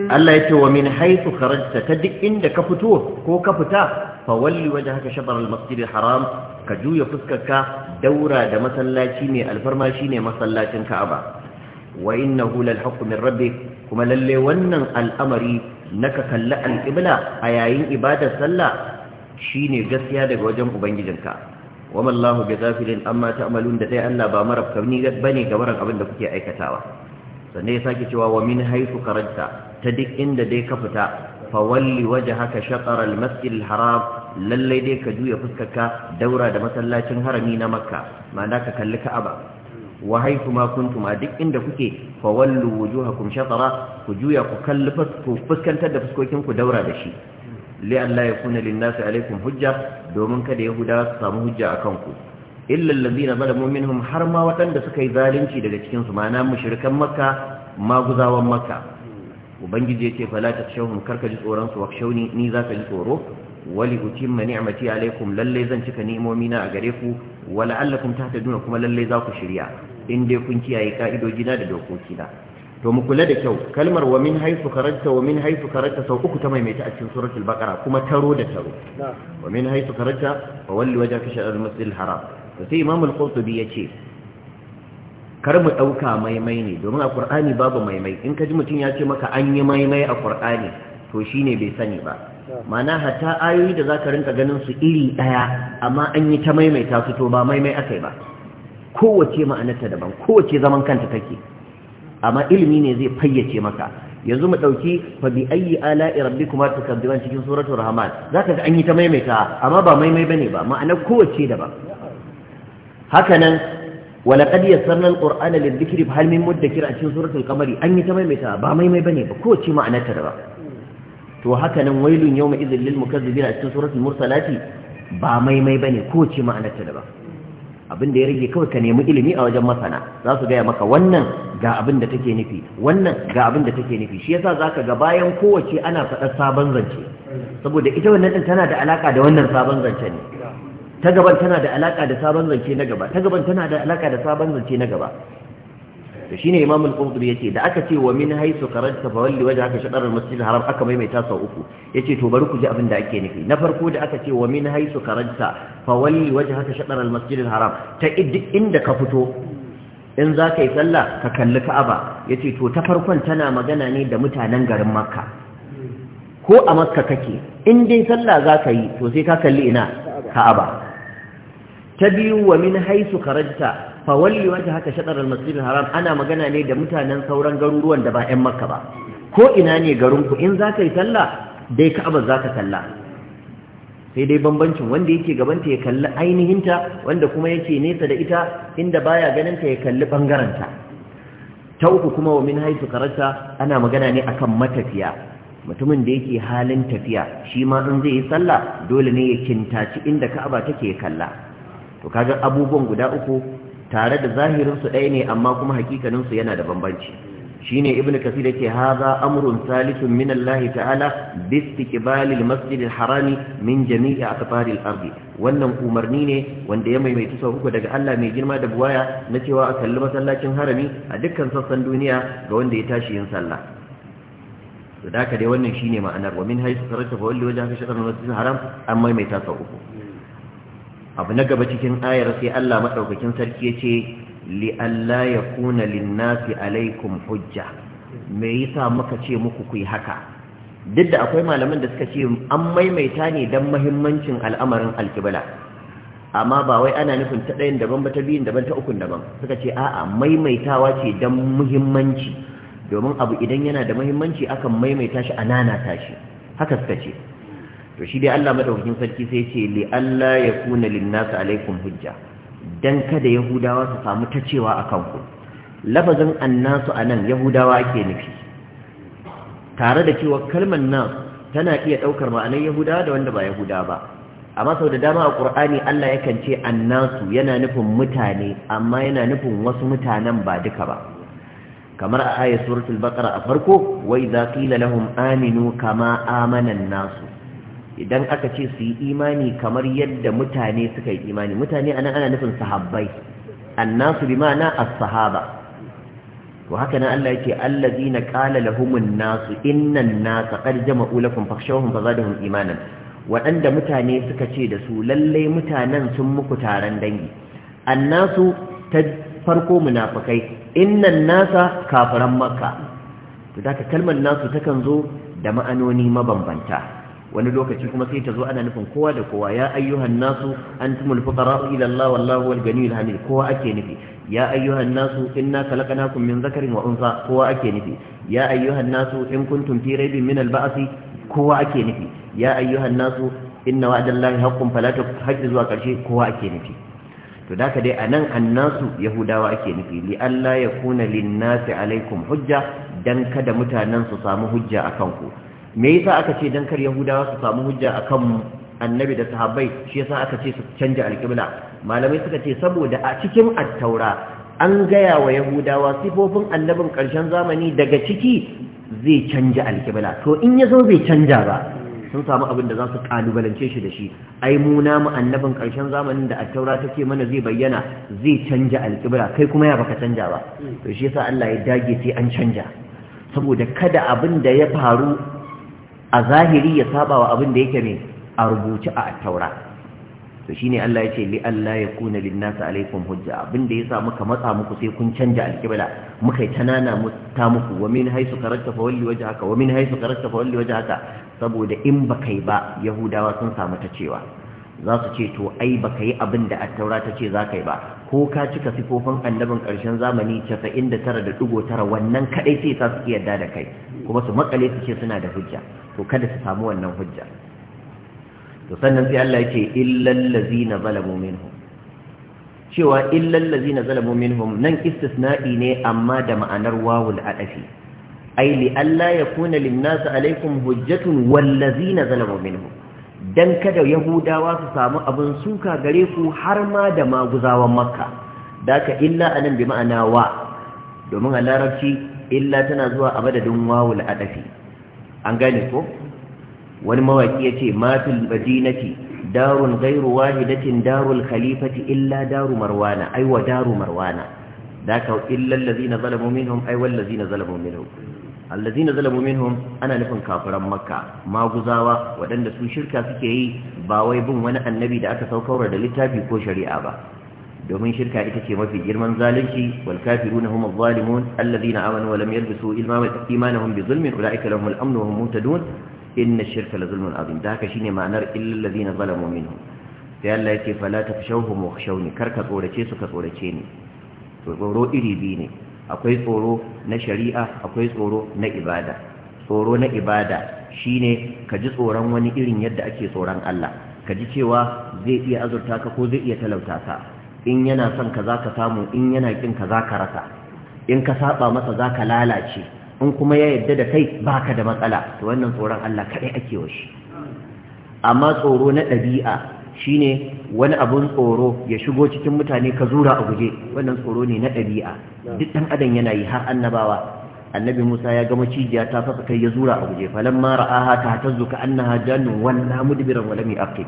Allah ya ce wa min haitu kharajta ta duk inda ka fito ko ka fita fa walli wajhaka shatr al-masjid haram ka juya fuskarka daura da masallaci ne alfarma shine masallacin Ka'aba wa innahu lal haqq min rabbik kuma lalle wannan al'amari naka kalla al-qibla a yayin ibadar sallah Shi ne gaskiya daga wajen ubangijinka wama Allahu bi ghafilin amma ta'malun da dai Allah ba marabka ni bane ga abin da kuke aikatawa sannan ya sake cewa wa min haythu kharajta ta duk inda dai ka fita fa walli wajhaka shatr al-masjid al-haram lalle dai ka juya fuskarka daura da masallacin harami na makka ma'ana ka kalli ka'aba wa haythu ma kuntum duk inda kuke fa wallu wujuhakum shatra ku juya ku kalli fuskantar da fuskokin ku daura da shi li an la yakuna lin alaikum hujja domin kada huda su samu hujja akan ku illa na zalamu minhum har ma waɗanda suka yi zalunci daga cikin su ma'ana mushrikan makka maguzawan makka ubangiji yace fala kar karka ji tsoron su wakshawni ni zaka ji tsoro wali utimma ni'mati alaikum lalle zan cika ni'imomi na a gare ku wala allakum tahtaduna kuma lalle za ku shirya in dai kun kiyaye ka'idojina da dokokina to mu kula da kyau kalmar wa min haythu kharajta wa min haythu kharajta sau uku ta maimaita a cikin suratul baqara kuma taro da taro wa min haythu kharajta fa walli wajhaka shatr al-masjid al-haram to sai imam al-qurtubi yace kar mu dauka maimai ne domin a qur'ani babu maimai in ka ji mutun ya ce maka an yi maimai a qur'ani to shine bai sani ba mana hatta ayoyi da zaka rinka ganin su iri daya amma an yi ta maimaita su to ba maimai akai ba kowace ma'anarta daban kowace zaman kanta take amma ilimi ne zai fayyace maka yanzu mu dauki fa bi ayyi ala'i rabbikuma tukadiban cikin suratul rahman zaka ga an yi ta maimaita amma ba maimai bane ba ma'ana kowace daban haka nan walaqad yassarna alqur'ana lidhikri fa hal min mudakkir a cikin suratul qamari an yi ta maimaita ba maimai bane ba kowace ma'anar ta ba to haka nan wailun yawma idhil lil mukazzibin a cikin suratul mursalati ba maimai bane kowace ma'anar ta ba. abin da ya rage kawai ka nemi ilimi a wajen masana za su gaya maka wannan ga abin da take nufi wannan ga abin da take nufi shi yasa zaka ga bayan kowace ana faɗar sabon zance saboda ita wannan din tana da alaka da wannan sabon zance ne ta gaban tana da alaka da sabon zance na gaba ta gaban tana da alaka da sabon zance na gaba to shine imam al-qurtubi yace da aka ce wa min haythu kharajta fa walli wajhaka shatr al-masjid al-haram aka maimaita sau uku yace to bari ku ji abin da ake nufi na farko da aka ce wa min haythu kharajta fa walli wajhaka shatr al-masjid al-haram ta inda ka fito in za ka yi sallah ka kalli ka'aba yace to ta farkon tana magana ne da mutanen garin makka ko a makka kake in dai sallah za ka yi to sai ka kalli ina ka'aba ta biyu wa min haythu kharajta fa walli haka shatr al haram ana magana ne da mutanen sauran garuruwan da ba 'yan makka ba ko ina ne garin ku in ka yi sallah dai ka'aba ka kalla sai dai bambancin wanda yake gabanta ya kalli ainihinta wanda kuma yake nesa da ita inda baya ganin ta ya kalli bangaren ta ta uku kuma wa min haythu karanta ana magana ne akan matafiya mutumin da yake halin tafiya shi ma in zai yi sallah dole ne ya kintaci inda ka'aba take kalla to kaga abubuwan guda uku tare da zahirinsu ɗaya ne amma kuma hakikaninsu yana da bambanci shine ibnu da ke haza amrun salisun minallahi ta'ala bi istiqbal al harami min jami'i aqtar al wannan umarni ne wanda ya maimaita sau uku daga Allah mai girma da buwaya na cewa a kalli masallacin harami a dukkan sassan duniya ga wanda ya tashi yin sallah to da haka dai wannan shine ma'anar wa min haythu sarata fa walli wajhaka shatr al haram an maimaita sau uku abu na gaba cikin ayar sai Allah madaukakin sarki yace li alla yakuna lin-nasi alaikum hujja me yasa muka ce muku ku haka duk da akwai malaman da suka ce an maimaita ne dan mahimmancin al'amarin alkibla amma ba wai ana nufin ta ɗayan daban ba ta biyun daban ta ukun daban suka ce a'a maimaitawa ce dan muhimmanci domin abu idan yana da muhimmanci akan maimaita shi a nana shi haka suka ce to shi dai Allah madaukakin sarki sai ce li Allah ya kuna Linnasu alaikum hujja dan kada yahudawa su samu ta cewa akan ku lafazin annasu anan yahudawa ake nufi tare da cewa kalmar nan tana iya ɗaukar ma'anar yahudawa da wanda ba yahudawa ba amma sau da dama a ƙur'ani Allah yakan ce annasu yana nufin mutane amma yana nufin wasu mutanen ba duka ba kamar a ayat suratul baqara a farko wa idza qila lahum aminu kama amana an-nasu idan aka ce su yi imani kamar yadda mutane suka yi imani mutane anan ana nufin sahabbai annasu bi ma'ana as-sahaba wa haka nan Allah yake allazina qala lahumun nasu innan nasa qad jama'u lakum fakhshawhum fazadahum imanan waɗanda mutane suka ce da su lalle mutanen sun muku taron dangi annasu ta farko munafikai innan nasa kafiran makka to da kalmar nasu takan zo da ma'anoni mabambanta wani lokaci kuma sai ta zo ana nufin kowa da kowa ya ayyuhan nasu antumul fuqara ila Allah wallahu wal ganiyul hamid kowa ake nufi ya ayyuhan nasu inna khalaqnakum min zakarin wa unsa kowa ake nufi ya ayyuhan nasu in kuntum fi raibin min al kowa ake nufi ya ayyuhan nasu inna wa'dallahi haqqun fala tahajju zuwa karshe kowa ake nufi to da ka dai a nan annasu yahudawa ake nufi li ya kuna linnasi alaikum hujja dan kada mutanen su samu hujja a kanku me yasa aka ce dan kar yahudawa su samu hujja akan annabi da sahabbai shi yasa aka ce su canja alƙibla malamai suka ce saboda a cikin attaura an gaya wa yahudawa sifofin annabin ƙarshen zamani daga ciki zai canja alƙibla to in ya zo bai canja ba sun samu abin da za su kalubalance shi da shi ai mu namu annabin ƙarshen zamanin da attaura ta ce mana zai bayyana zai canja alƙibla kai kuma ya baka canja ba to shi yasa Allah ya dage sai an canja saboda kada abin da ya faru a zahiri ya saba wa abin da yake ne a rubuce a taura to shine Allah ya ce li Allah ya kuna lin nas alaikum hujja abin da yasa muka matsa muku sai kun canja alkibla muka yi tanana ta muku wa min haythu karatta fa walli wajhaka wa min haythu karatta fa walli wajhaka saboda in baka ba yahudawa sun samu ta cewa za su ce to ai baka yi abin da attaura ta ce za ka yi ba ko ka cika sifofin annabin ƙarshen zamani 99.9 wannan kadai sai sa su yarda da kai kuma su makale su ce suna da hujja to kada su samu wannan hujja to sannan sai Allah yake illal ladzina zalamu minhum cewa illal ladzina zalamu minhum nan istisna'i ne amma da ma'anar wawul adafi ai li alla yakuna lin nas alaikum hujjatun wal ladzina zalamu minhum don kada yahudawa su samu abin suka gare ku har ma da maguzawan makka da ka illa a nan bi ma'ana wa domin a larabci illa tana zuwa a madadin wawul adafi an gane ko wani mawaki ya ce matul madinati darun gairu wahidatin darul khalifati illa daru marwana Aiwa wa daru marwana da ka illa allazina zalamu minhum ai wallazina zalamu minhum allazina zalamu minhum ana nufin kafiran makka maguzawa waɗanda su shirka suke yi ba wai bin wani annabi da aka saukar da littafi ko shari'a ba domin shirka ita ce mafi girman zalunci wal kafiruna hum adh-dhalimun allazina amanu wa lam yalbisu imanahum bi zulmin ulaika lahum al-amn wa hum muhtadun inna ash-shirka la zulmun azim da haka shine ma'anar illal ladina zalamu minhum sai Allah yake fala tafshawhum wakhshawni karka tsorace su ka tsorace ni tsoro iri biyu ne akwai tsoro na shari'a akwai tsoro na ibada tsoro na ibada shine ka ji tsoron wani irin yadda ake tsoron Allah ka ji cewa zai iya azurta ka ko zai iya talauta ka in yana son ka zaka samu in yana kin ka zaka rasa in ka saba masa zaka lalace in kuma ya yadda da kai baka da matsala to wannan tsoron Allah kadai ake wa shi amma tsoro na ɗabi'a Shi ne wani abun tsoro ya shigo cikin mutane ka zura a guje wannan tsoro ne na ɗabi'a duk ɗan adam yana yi har annabawa annabi Musa ya ga macijiya ta fasa kai ya zura a guje mara ra'aha ta tazzu ka annaha jannun walla mudbiran walam yaqib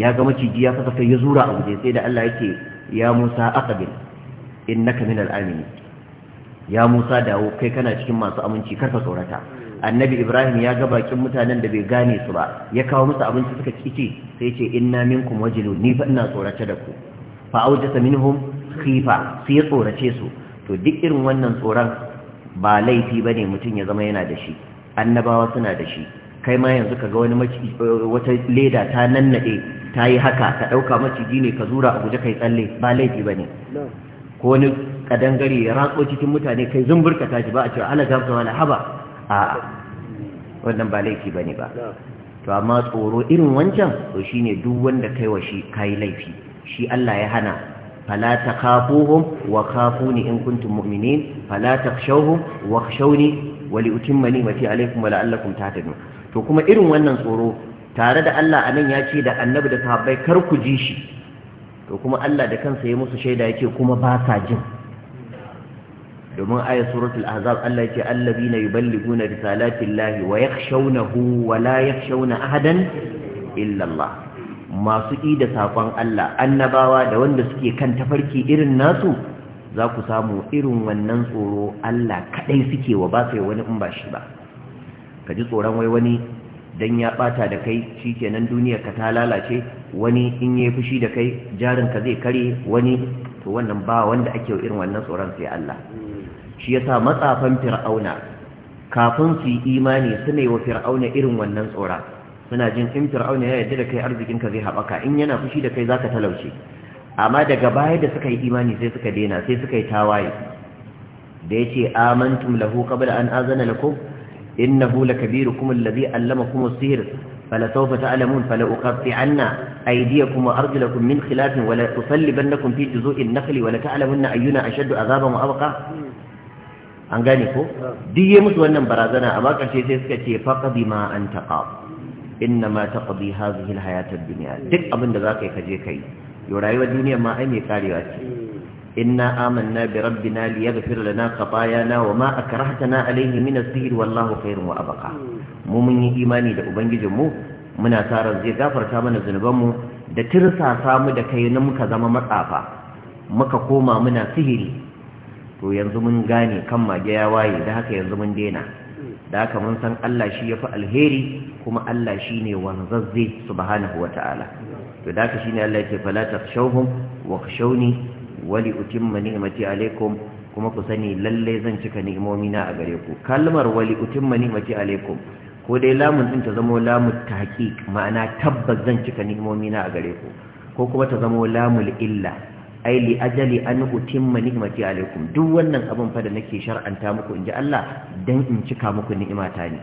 ya ga macijiya fasa kai ya zura a guje sai da Allah yake ya Musa aqbil innaka minal amini ya Musa dawo kai kana cikin masu aminci karka tsorata annabi ibrahim ya ga bakin mutanen da bai gane su ba ya kawo musu abinci suka kici sai ce inna minkum wajilu ni fa ina tsorace da ku fa aujasa minhum khifa sai ya tsorace su to duk irin wannan tsoron ba laifi bane mutum ya zama yana da shi annabawa suna da shi kai ma yanzu ka ga wani wata leda ta nannade ta yi haka ka ɗauka maciji ne ka zura a guje kai tsalle ba laifi bane ne ko wani kadangare ya ratso cikin mutane kai zumburka ta ba a cewa ala gafsa wala haba a'a wannan ba laifi bane ba to amma tsoro irin wancan to shine duk wanda kai wa shi kai laifi shi Allah ya hana fala takhafuhum wa khafuni in kuntum mu'minin fala takhshawhum wa khshawni wa li utimma ni'mati alaykum wa la'allakum tahtadun to kuma irin wannan tsoro tare da Allah anan ya ce da annabi da sahabbai kar ku ji shi to kuma Allah da kansa ya musu shaida yake kuma ba sa jin domin ayat suratul ahzab Allah yake allazina yuballiguna risalatillahi wa yakhshawnahu wa la yakhshawna ahadan illa Allah masu yi da sakon Allah annabawa da wanda suke kan tafarki irin nasu za ku samu irin wannan tsoro Allah kadai suke wa ba sai wani in ba shi ba ka ji tsoron wai wani dan ya bata da kai shikenan duniyar ka ta lalace wani in yayi fushi da kai jarin ka zai kare wani to wannan ba wanda ake irin wannan tsoron sai Allah shi yasa matsafan fir'auna kafin su yi imani suna yi wa fir'auna irin wannan tsora suna jin in fir'auna ya yarda da kai arzikin ka zai haɓaka in yana fushi da kai ka talauce amma daga baya da suka yi imani sai suka daina sai suka yi tawaye da yace amantum lahu qabla an azana lakum innahu lakabirukum alladhi allamakum as-sihr فلسوف na فلأقطعن أيديكم وأرجلكم من خلاف ولا أصلبنكم في جزوء النخل ولتعلمن أينا أشد عذابا وأبقى an gane ko duk yi musu wannan barazana a ƙarshe sai suka ce faqdi ma an taqa inna ma taqdi hadhihi alhayat ad duk abin da zaka yi kaje kai yau rayuwar duniya ma ai mai karewa ce inna amanna bi rabbina na lana khatayana wa ma na alayhi min as-sihr wallahu khairun wa abqa mu mun yi imani da ubangijin mu muna tsara zai gafarta mana zunuban mu da tirsasa mu da kai na muka zama matsafa muka koma muna sihiri to yanzu mun gane kan mage ya waye da haka yanzu mun daina da haka mun san Allah shi yafi alheri kuma Allah shine wanzazze subhanahu ta'ala to da haka shine Allah yake fala takhshawhum wa khshawni wali li utimma ni'mati alaykum kuma ku sani lallai zan cika ni'imomina a gare ku kalmar wali li utimma ni'mati alaykum ko dai lamun din ta zama lamu tahqiq ma'ana tabbas zan cika ni'imomi na a gare ku ko kuma ta zama lamul illa ai li ajali an utimma ni'mati alaikum duk wannan abin fa da nake shar'anta muku inji Allah dan in cika muku ni'imata ne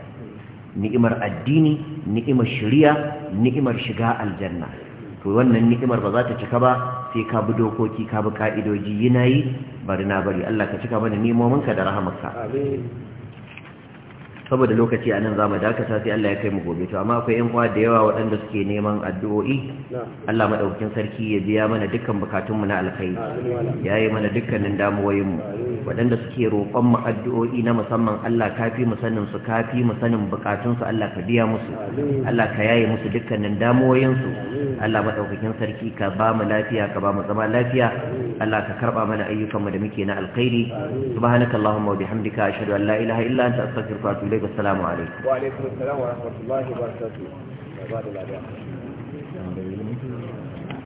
ni'imar addini ni'imar shari'a ni'imar shiga aljanna to wannan ni'imar ba za ta cika ba sai ka bi dokoki ka bi ka'idoji yinayi bari na bari Allah ka cika mana nemomin ka da rahamarka amin saboda lokaci a nan za mu dakata sai Allah ya kai mu gobe to amma akwai yan uwa da yawa waɗanda suke neman addu'o'i Allah madaukakin sarki ya biya mana dukkan bukatunmu na alkhairi ya yi mana dukkanin damuwoyin mu waɗanda suke roƙon mu addu'o'i na musamman Allah kafi mu sanin su kafi mu sanin bukatun Allah ka biya musu Allah ka yaye musu dukkanin damuwoyin Allah madaukakin sarki ka ba mu lafiya ka ba mu zama lafiya Allah ka karɓa mana ayyukanmu da muke na alkhairi subhanakallahumma wa bihamdika ashhadu an la ilaha illa anta astaghfiruka wa atubu kai ga salamu alaikum wa alaikum assalam wa rahmatullahi wa